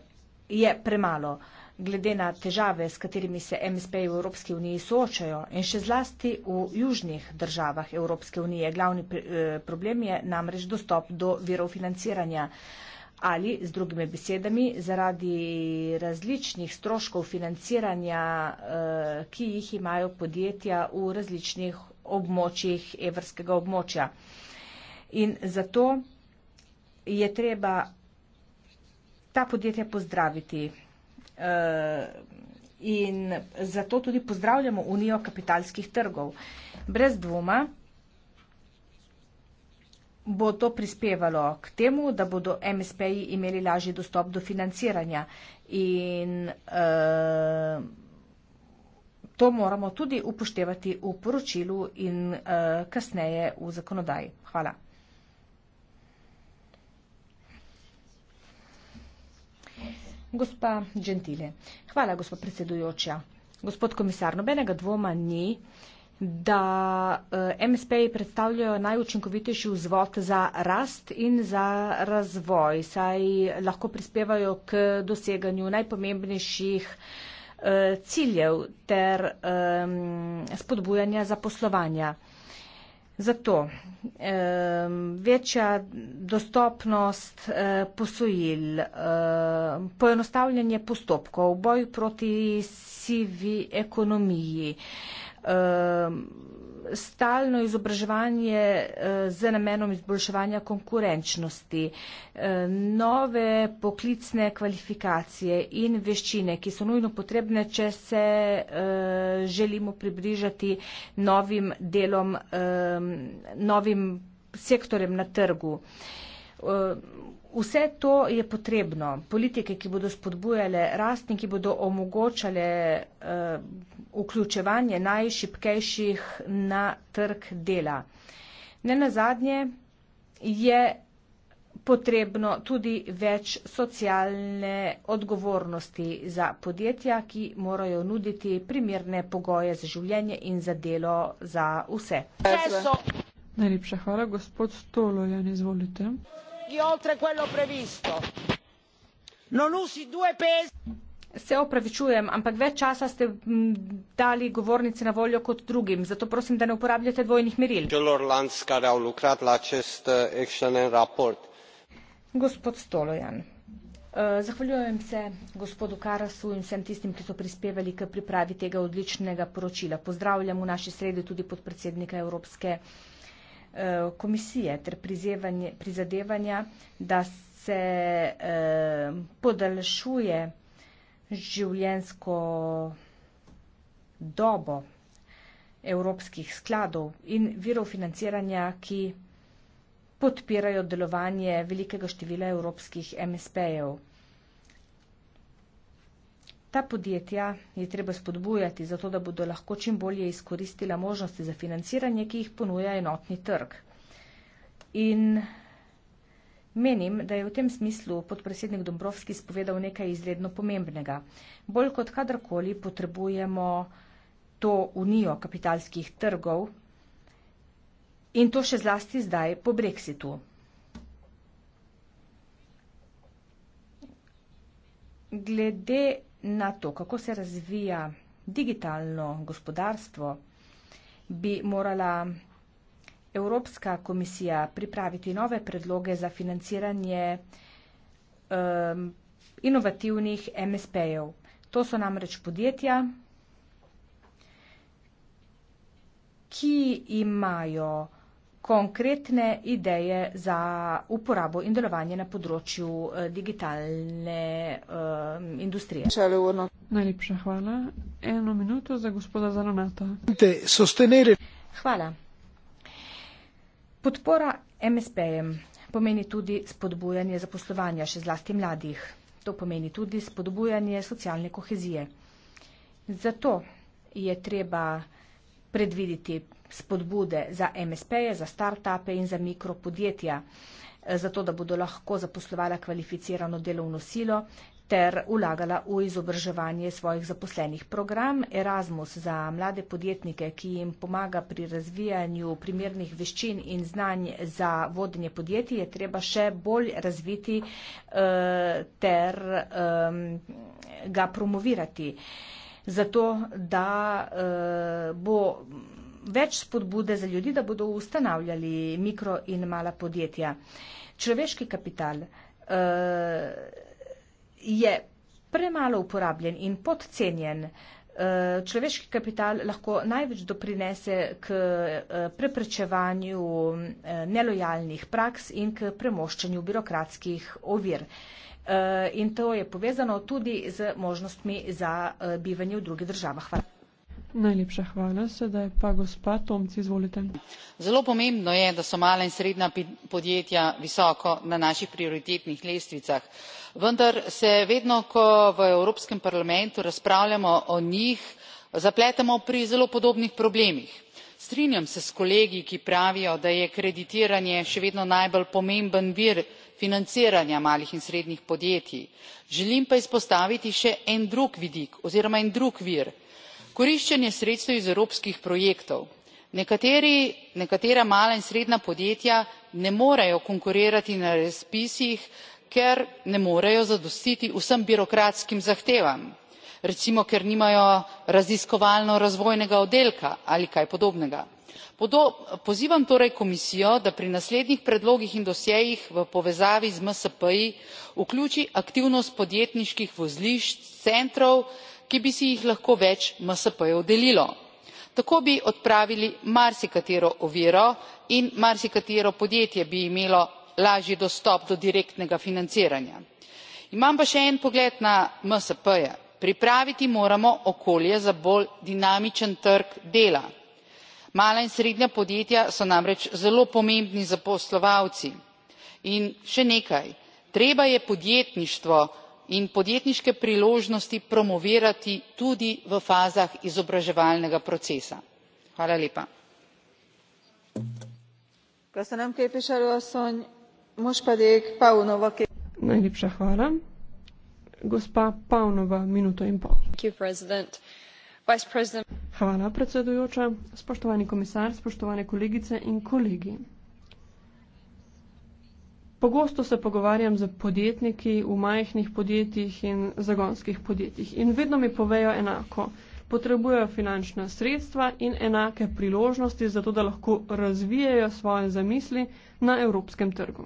je premalo. Glede na težave, s katerimi se MSP v Evropski uniji soočajo in še zlasti v južnih državah Evropske unije, glavni eh, problem je namreč dostop do virov financiranja. Uh, ali z drugimi besedami, zaradi različnih stroškov financiranja, eh, ki jih imajo podjetja v različnih območjih evrskega območja. In zato je treba ta podjetja pozdraviti. Eh, in zato tudi pozdravljamo Unijo kapitalskih trgov. Brez dvoma bo to prispevalo k temu, da bodo MSP-ji imeli lažji dostop do financiranja in uh, to moramo tudi upoštevati v poročilu in uh, kasneje v zakonodaji. Hvala. Gospa Gentile, hvala gospod predsedujoča. Gospod komisar, nobenega dvoma ni. Uh, da eh, MSP-ji predstavljajo najučinkovitejši vzvod za rast in za razvoj, saj lahko prispevajo k doseganju najpomembnejših eh, ciljev ter um, spodbujanja zaposlovanja. Zato um, večja dostopnost uh, posojil, uh, poenostavljanje postopkov, boj proti sivi ekonomiji, uh, um, stalno izobraževanje uh, z namenom izboljševanja konkurenčnosti, uh, nove poklicne kvalifikacije in veščine, ki so nujno potrebne, če se uh, želimo približati novim delom, um, novim sektorem na trgu. Uh, Vse to je potrebno. Politike, ki bodo spodbujale rast in ki bodo omogočale uh, vključevanje najšipkejših na trg dela. Ne na zadnje je potrebno tudi več socialne odgovornosti za podjetja, ki morajo nuditi primirne pogoje za življenje in za delo za vse. Najlepša hvala, gospod Stolojan, izvolite colleghi oltre quello previsto. Non usi due pesi. Se opravičujem, ampak več časa ste m, mm, dali govornici na voljo kot drugim, zato prosim, da ne uporabljate dvojnih meril. Uh, Gospod Stolojan, uh, zahvaljujem se gospodu Karasu in vsem tistim, ki so prispevali k pripravi tega odličnega poročila. Pozdravljam v naši sredi tudi podpredsednika Evropske unije. Eh, komisije ter prizadevanja, da se eh, podaljšuje življensko dobo evropskih skladov in virov financiranja, ki podpirajo delovanje velikega števila evropskih MSP-jev. Ta podjetja je treba spodbujati, zato da bodo lahko čim bolje izkoristila možnosti za financiranje, ki jih ponuja enotni trg. In menim, da je v tem smislu podpredsednik Dombrovski spovedal nekaj izredno pomembnega. Bolj kot kadarkoli potrebujemo to unijo kapitalskih trgov in to še zlasti zdaj po brexitu. Glede na to, kako se razvija digitalno gospodarstvo, bi morala Evropska komisija pripraviti nove predloge za financiranje um, inovativnih MSP-jev. To so namreč podjetja, ki imajo konkretne ideje za uporabo in delovanje na področju eh, digitalne uh, industrije. Najlepša hvala. Eno minuto za gospoda Zanonata. Hvala. Podpora MSP-jem pomeni tudi spodbujanje zaposlovanja, še zlasti mladih. To pomeni tudi spodbujanje socialne kohezije. Zato je treba predviditi spodbude za MSP-je, za start-upe in za mikropodjetja, eh, zato da bodo lahko zaposlovala kvalificirano delovno silo ter vlagala v izobraževanje svojih zaposlenih. Program Erasmus za mlade podjetnike, ki jim pomaga pri razvijanju primernih veščin in znanj za vodenje podjetij, je treba še bolj razviti eh, ter ga promovirati. Zato, da eh, bo več spodbude za ljudi, da bodo ustanavljali mikro in mala podjetja. Človeški kapital uh, je premalo uporabljen in podcenjen. Eh, človeški kapital lahko največ doprinese k eh, preprečevanju nelojalnih praks in k premoščanju birokratskih ovir. In to je povezano tudi z možnostmi za bivanje v drugih državah. Hvala. Najlepša hvala. Sedaj pa gospa Tomci, izvolite. Zelo pomembno je, da so mala in srednja podjetja visoko na naših prioritetnih lestvicah. Vendar se vedno, ko v Evropskem parlamentu razpravljamo o njih, zapletemo pri zelo podobnih problemih. Strinjam se s kolegi, ki pravijo, da je kreditiranje še vedno najbolj pomemben vir financiranja malih in srednjih podjetij. Želim pa izpostaviti še en drug vidik oziroma en drug vir koriščenje sredstev iz evropskih projektov nekatera mala in srednja podjetja ne morejo konkurirati na razpisih ker ne morejo zadostiti vsem birokratskim zahtevam recimo ker nimajo raziskovalno razvojnega oddelka ali kaj podobnega. pozivam torej komisijo da pri naslednjih predlogih in dosjejih v povezavi z msp ji vključi aktivnost podjetniških vozlišč centrov ki bi si jih lahko več msp jev delilo tako bi odpravili marsikatero oviro in marsikatero podjetje bi imelo lažji dostop do direktnega financiranja. imam pa še en pogled na msp je pripraviti moramo okolje za bolj dinamičen trg dela mala in srednja podjetja so namreč zelo pomembni zaposlovalci in še nekaj treba je podjetništvo in podjetniške priložnosti promovirati tudi v fazah izobraževalnega procesa. hvala predsedujoča spoštovani komisar spoštovane kolegice in kolegi. Pogosto se pogovarjam z podjetniki v majhnih podjetjih in zagonskih podjetjih in vedno mi povejo enako. Potrebujejo finančna sredstva in enake priložnosti, zato da lahko razvijajo svoje zamisli na evropskem trgu.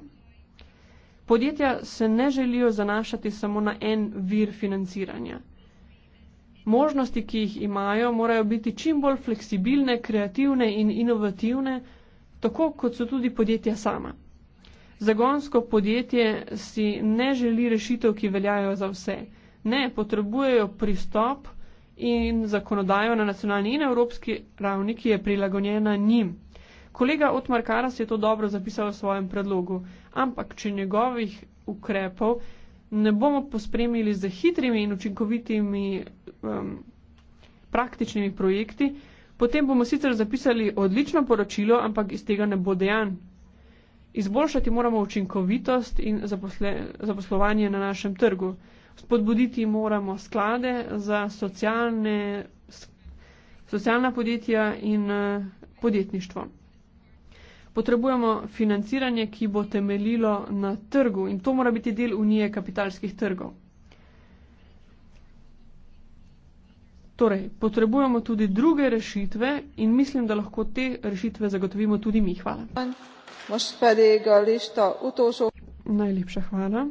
Podjetja se ne želijo zanašati samo na en vir financiranja. Možnosti, ki jih imajo, morajo biti čim bolj fleksibilne, kreativne in inovativne, tako kot so tudi podjetja sama. Zagonsko podjetje si ne želi rešitev, ki veljajo za vse. Ne, potrebujejo pristop in zakonodajo na nacionalni in evropski ravni, ki je prilagonjena njim. Kolega Otmar Karas je to dobro zapisal v svojem predlogu, ampak če njegovih ukrepov ne bomo pospremili z hitrimi in učinkovitimi um, praktičnimi projekti, potem bomo sicer zapisali odlično poročilo, ampak iz tega ne bo dejan Izboljšati moramo učinkovitost in zaposle, zaposlovanje na našem trgu. Spodbuditi moramo sklade za socialne, socialna podjetja in eh, podjetništvo. Potrebujemo financiranje, ki bo temeljilo na trgu in to mora biti del unije kapitalskih trgov. Torej, potrebujemo tudi druge rešitve in mislim, da lahko te rešitve zagotovimo tudi mi. Hvala. Hvala. Najlepša hvala.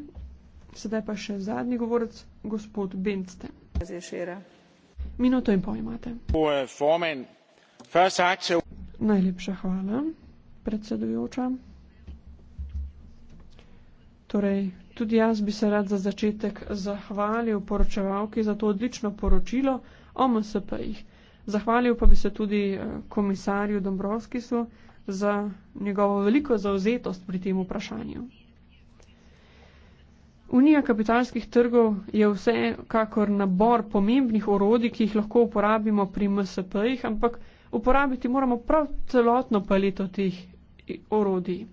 Sedaj pa še zadnji govorec, gospod Benste. Minuto in pol imate. Najlepša hvala, predsedujoča. Torej, tudi jaz bi se rad za začetek zahvalil poročevalki za to odlično poročilo o MSP-jih. Zahvalil pa bi se tudi eh, komisarju Dombrovskisu za njegovo veliko zauzetost pri tem vprašanju. Unija kapitalskih trgov je vse kakor nabor pomembnih orodij, ki jih lahko uporabimo pri MSP-jih, ampak uporabiti moramo prav celotno paleto teh orodij.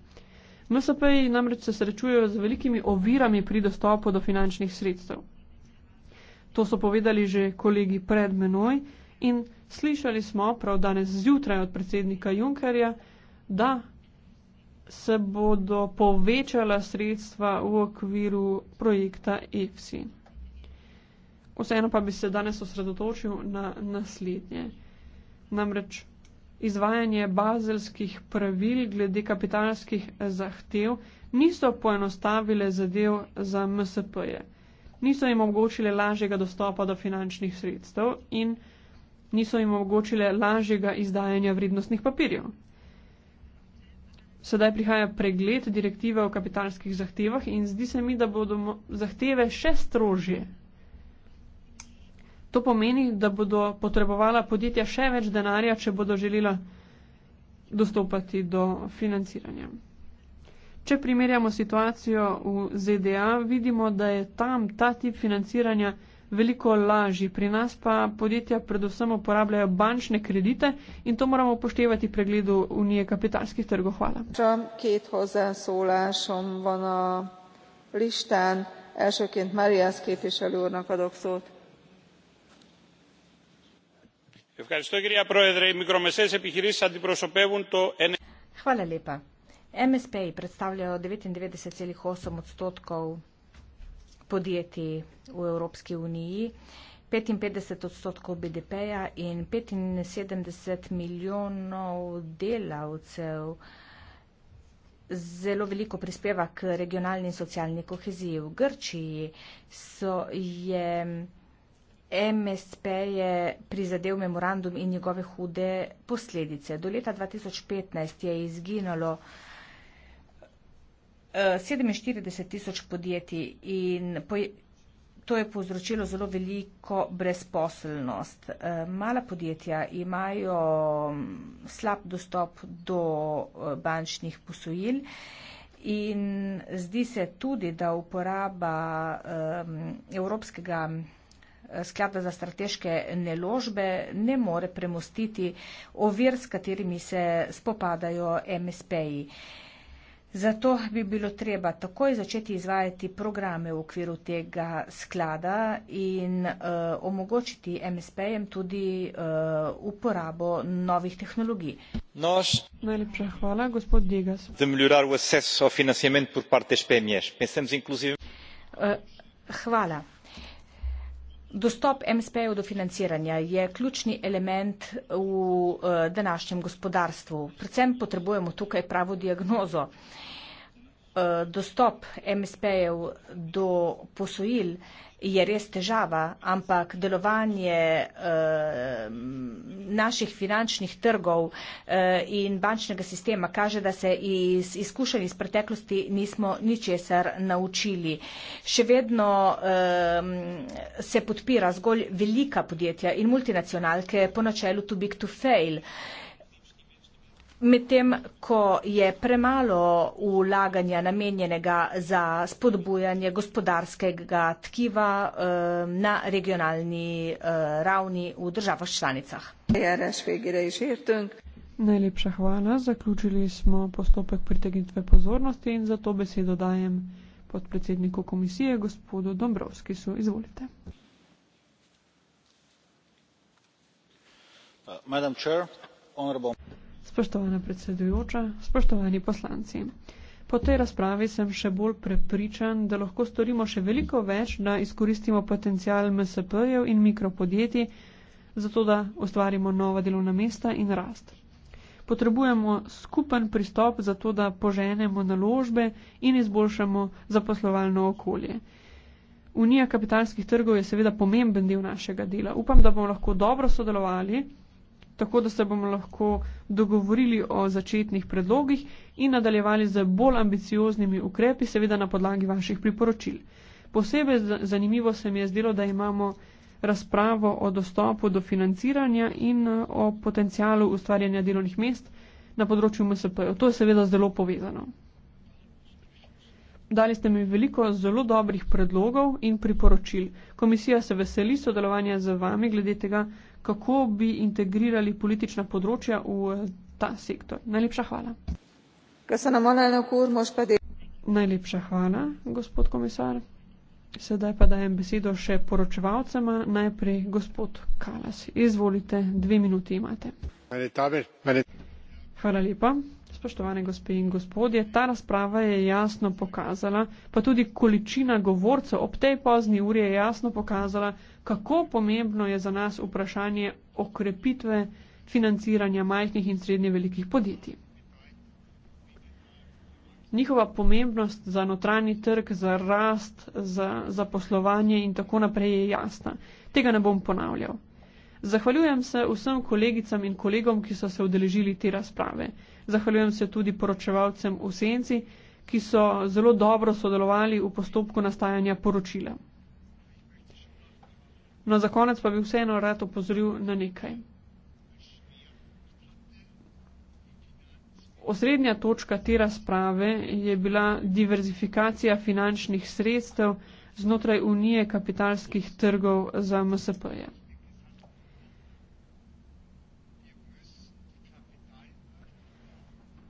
MSP-ji namreč se srečujejo z velikimi ovirami pri dostopu do finančnih sredstev. To so povedali že kolegi pred menoj in slišali smo prav danes zjutraj od predsednika Junkerja, da se bodo povečala sredstva v okviru projekta EFSI. Vseeno pa bi se danes osredotočil na naslednje. Namreč izvajanje bazelskih pravil glede kapitalskih zahtev niso poenostavile zadev za MSP-je, niso jim omogočile lažjega dostopa do finančnih sredstev in niso jim omogočile lažjega izdajanja vrednostnih papirjev. Sedaj prihaja pregled direktive o kapitalskih zahtevah in zdi se mi, da bodo zahteve še strožje. To pomeni, da bodo potrebovala podjetja še več denarja, če bodo želela dostopati do financiranja. Če primerjamo situacijo v ZDA, vidimo, da je tam ta tip financiranja veliko lažji. Pri nas pa podjetja predvsem uporabljajo bančne kredite in to moramo upoštevati pri pregledu Unije kapitalskih trgov. Hvala. Hvala lepa. MSP predstavljajo 99,8 odstotkov podjetij v Evropski uniji, 55 odstotkov BDP-ja in 75 milijonov delavcev zelo veliko prispeva k regionalni in socialni koheziji. V Grčiji so je MSP je prizadel memorandum in njegove hude posledice. Do leta 2015 je izginalo 47 tisoč podjetij in to je povzročilo zelo veliko brezposelnost. Eh, mala podjetja imajo mm, slab dostop do eh, bančnih posojil in zdi se tudi, da uporaba eh, Evropskega sklada za strateške neložbe ne more premostiti ovir, s katerimi se spopadajo MSP-ji. Zato bi bilo treba takoj začeti izvajati programe v okviru tega sklada in uh, omogočiti MSP-jem tudi uh, uporabo novih tehnologij. Nos. Najlepša hvala, gospod Digas. Eh, hvala. Dostop MSP-jev do financiranja je ključni element v današnjem gospodarstvu. Predvsem potrebujemo tukaj pravo diagnozo. Uh, Eh, dostop MSP-jev do posojil je res težava, ampak delovanje eh, naših finančnih trgov eh, in bančnega sistema kaže, da se iz izkušenj iz preteklosti nismo ničesar naučili. Še vedno eh, se podpira zgolj velika podjetja in multinacionalke po načelu too big to fail. Eh, Medtem ko je premalo vlaganja namenjenega za spodbujanje gospodarskega tkiva eh, na regionalni eh, ravni v državah članicah. Najlepša hvala. Zaključili smo postopek pritegnitve pozornosti in zato besedo dajem podpredsedniku komisije, gospodu Dombrovskisu. Izvolite. Uh, madam Chair, honorable. Spoštovana predsedujoča, spoštovani poslanci. Po tej razpravi sem še bolj prepričan, da lahko storimo še veliko več, da izkoristimo potencial MSP-jev in mikropodjetij, zato da ustvarimo nova delovna mesta in rast. Potrebujemo skupen pristop za to, da poženemo naložbe in izboljšamo zaposlovalno okolje. Unija kapitalskih trgov je seveda pomemben del našega dela. Upam, da bomo lahko dobro sodelovali tako da se bomo lahko dogovorili o začetnih predlogih in nadaljevali z bolj ambicioznimi ukrepi, seveda na podlagi vaših priporočil. Posebej zanimivo se mi je zdelo, da imamo razpravo o dostopu do financiranja in o potencijalu ustvarjanja delovnih mest na področju MSP. -ja. To je seveda zelo povezano. Dali ste mi veliko zelo dobrih predlogov in priporočil. Komisija se veseli sodelovanja z vami glede tega, kako bi integrirali politična področja v eh, ta sektor. Najlepša hvala. Najlepša hvala, gospod komisar. Sedaj pa dajem besedo še poročevalcema. Najprej gospod Kalas. Izvolite, dve minuti imate. Hvala lepa. Spoštovane gospe in gospodje, ta razprava je jasno pokazala, pa tudi količina govorcev ob tej pozni uri je jasno pokazala, kako pomembno je za nas vprašanje okrepitve financiranja majhnih in srednje velikih podjetij. Njihova pomembnost za notranji trg, za rast, za zaposlovanje in tako naprej je jasna. Tega ne bom ponavljal. Zahvaljujem se vsem kolegicam in kolegom, ki so se udeležili te razprave. Zahvaljujem se tudi poročevalcem v Senci, ki so zelo dobro sodelovali v postopku nastajanja poročila. No, za konec pa bi vseeno rad opozoril na nekaj. Osrednja točka te razprave je bila diverzifikacija finančnih sredstev znotraj Unije kapitalskih trgov za MSP-je.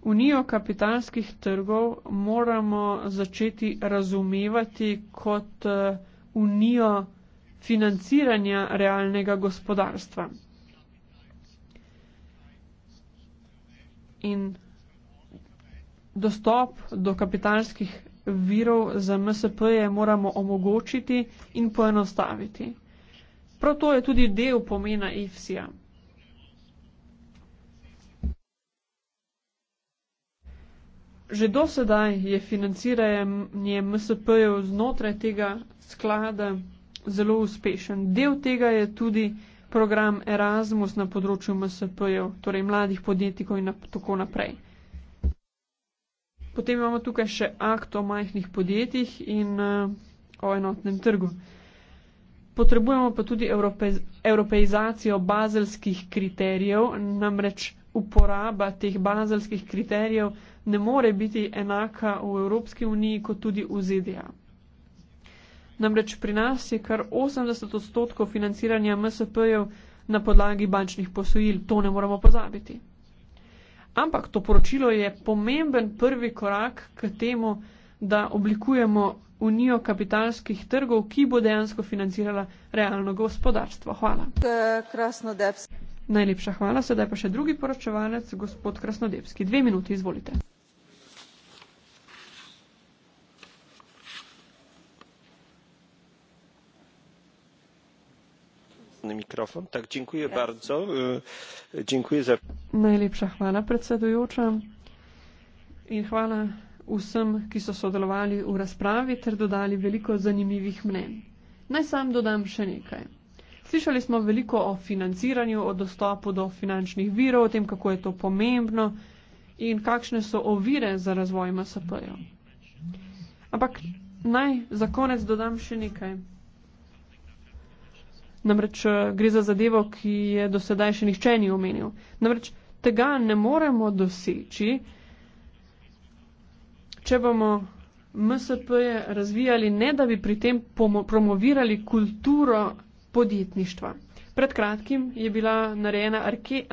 Unijo kapitalskih trgov moramo začeti razumevati kot eh, unijo, financiranja realnega gospodarstva. In dostop do kapitalskih virov za MSP-je moramo omogočiti in poenostaviti. Prav to je tudi del pomena IFSI-ja. Že dosedaj je financiranje MSP-jev znotraj tega sklada zelo uspešen. Del tega je tudi program Erasmus na področju MSP-jev, torej mladih podjetnikov in tako naprej. Potem imamo tukaj še akt o majhnih podjetjih in uh, o enotnem trgu. Potrebujemo pa tudi evropez, evropeizacijo bazelskih kriterijev, namreč uporaba teh bazelskih kriterijev ne more biti enaka v Evropski uniji kot tudi v ZDA. Namreč pri nas je kar 80 odstotkov financiranja MSP-jev na podlagi bančnih posojil, to ne moramo pozabiti. Ampak to poročilo je pomemben prvi korak k temu, da oblikujemo unijo kapitalskih trgov, ki bo dejansko financirala realno gospodarstvo. Hvala. Krasnodebski. Najlepša hvala, sedaj pa še drugi poročevalec, gospod Krasnodebski. Dve minuti, izvolite. Najlepša hvala predsedujočam in hvala vsem, ki so sodelovali v razpravi ter dodali veliko zanimivih mnen. Naj sam dodam še nekaj. Slišali smo veliko o financiranju, o dostopu do finančnih virov, o tem, kako je to pomembno in kakšne so ovire za razvoj MSP-jev. Ampak naj za konec dodam še nekaj. Namreč eh, gre za zadevo, ki je do sedaj še nihče ni omenil. Namreč tega ne moremo doseči, če bomo MSP-je razvijali, ne da bi pri tem promovirali kulturo podjetništva. Pred kratkim je bila narejena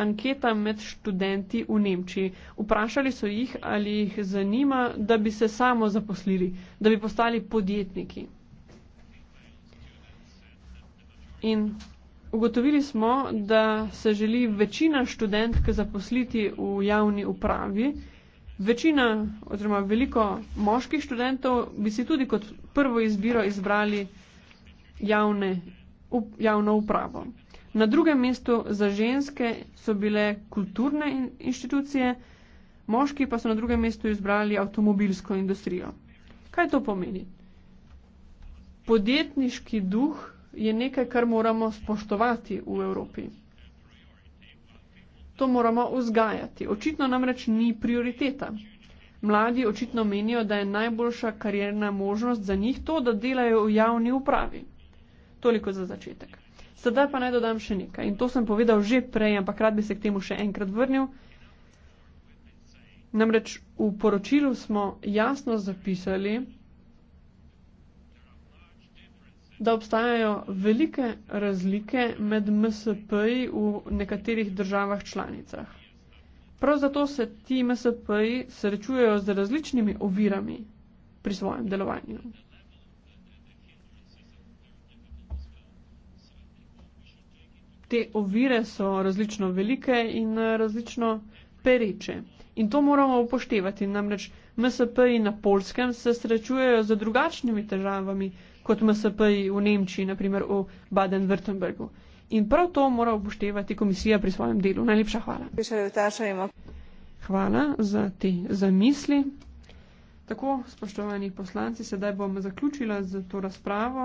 anketa med študenti v Nemčiji. Vprašali so jih, ali jih zanima, da bi se samo zaposlili, da bi postali podjetniki. In ugotovili smo, da se želi večina študentk zaposliti v javni upravi. Večina oziroma veliko moških študentov bi si tudi kot prvo izbiro izbrali javne, up, javno upravo. Na drugem mestu za ženske so bile kulturne inštitucije, moški pa so na drugem mestu izbrali avtomobilsko industrijo. Kaj to pomeni? Podjetniški duh je nekaj, kar moramo spoštovati v Evropi. To moramo vzgajati. Očitno namreč ni prioriteta. Mladi očitno menijo, da je najboljša karjerna možnost za njih to, da delajo v javni upravi. Toliko za začetek. Sedaj pa naj dodam še nekaj. In to sem povedal že prej, ampak rad bi se k temu še enkrat vrnil. Namreč v poročilu smo jasno zapisali, da obstajajo velike razlike med MSP-ji v nekaterih državah članicah. Prav zato se ti MSP-ji srečujejo z različnimi ovirami pri svojem delovanju. Te ovire so različno velike in eh, različno pereče. In to moramo upoštevati, namreč MSP-ji na polskem se srečujejo z drugačnimi težavami, kot MSP v Nemčiji, naprimer v Baden-Württembergu. In prav to mora upoštevati komisija pri svojem delu. Najlepša hvala. Hvala za te zamisli. Tako, spoštovani poslanci, sedaj bom zaključila z to razpravo.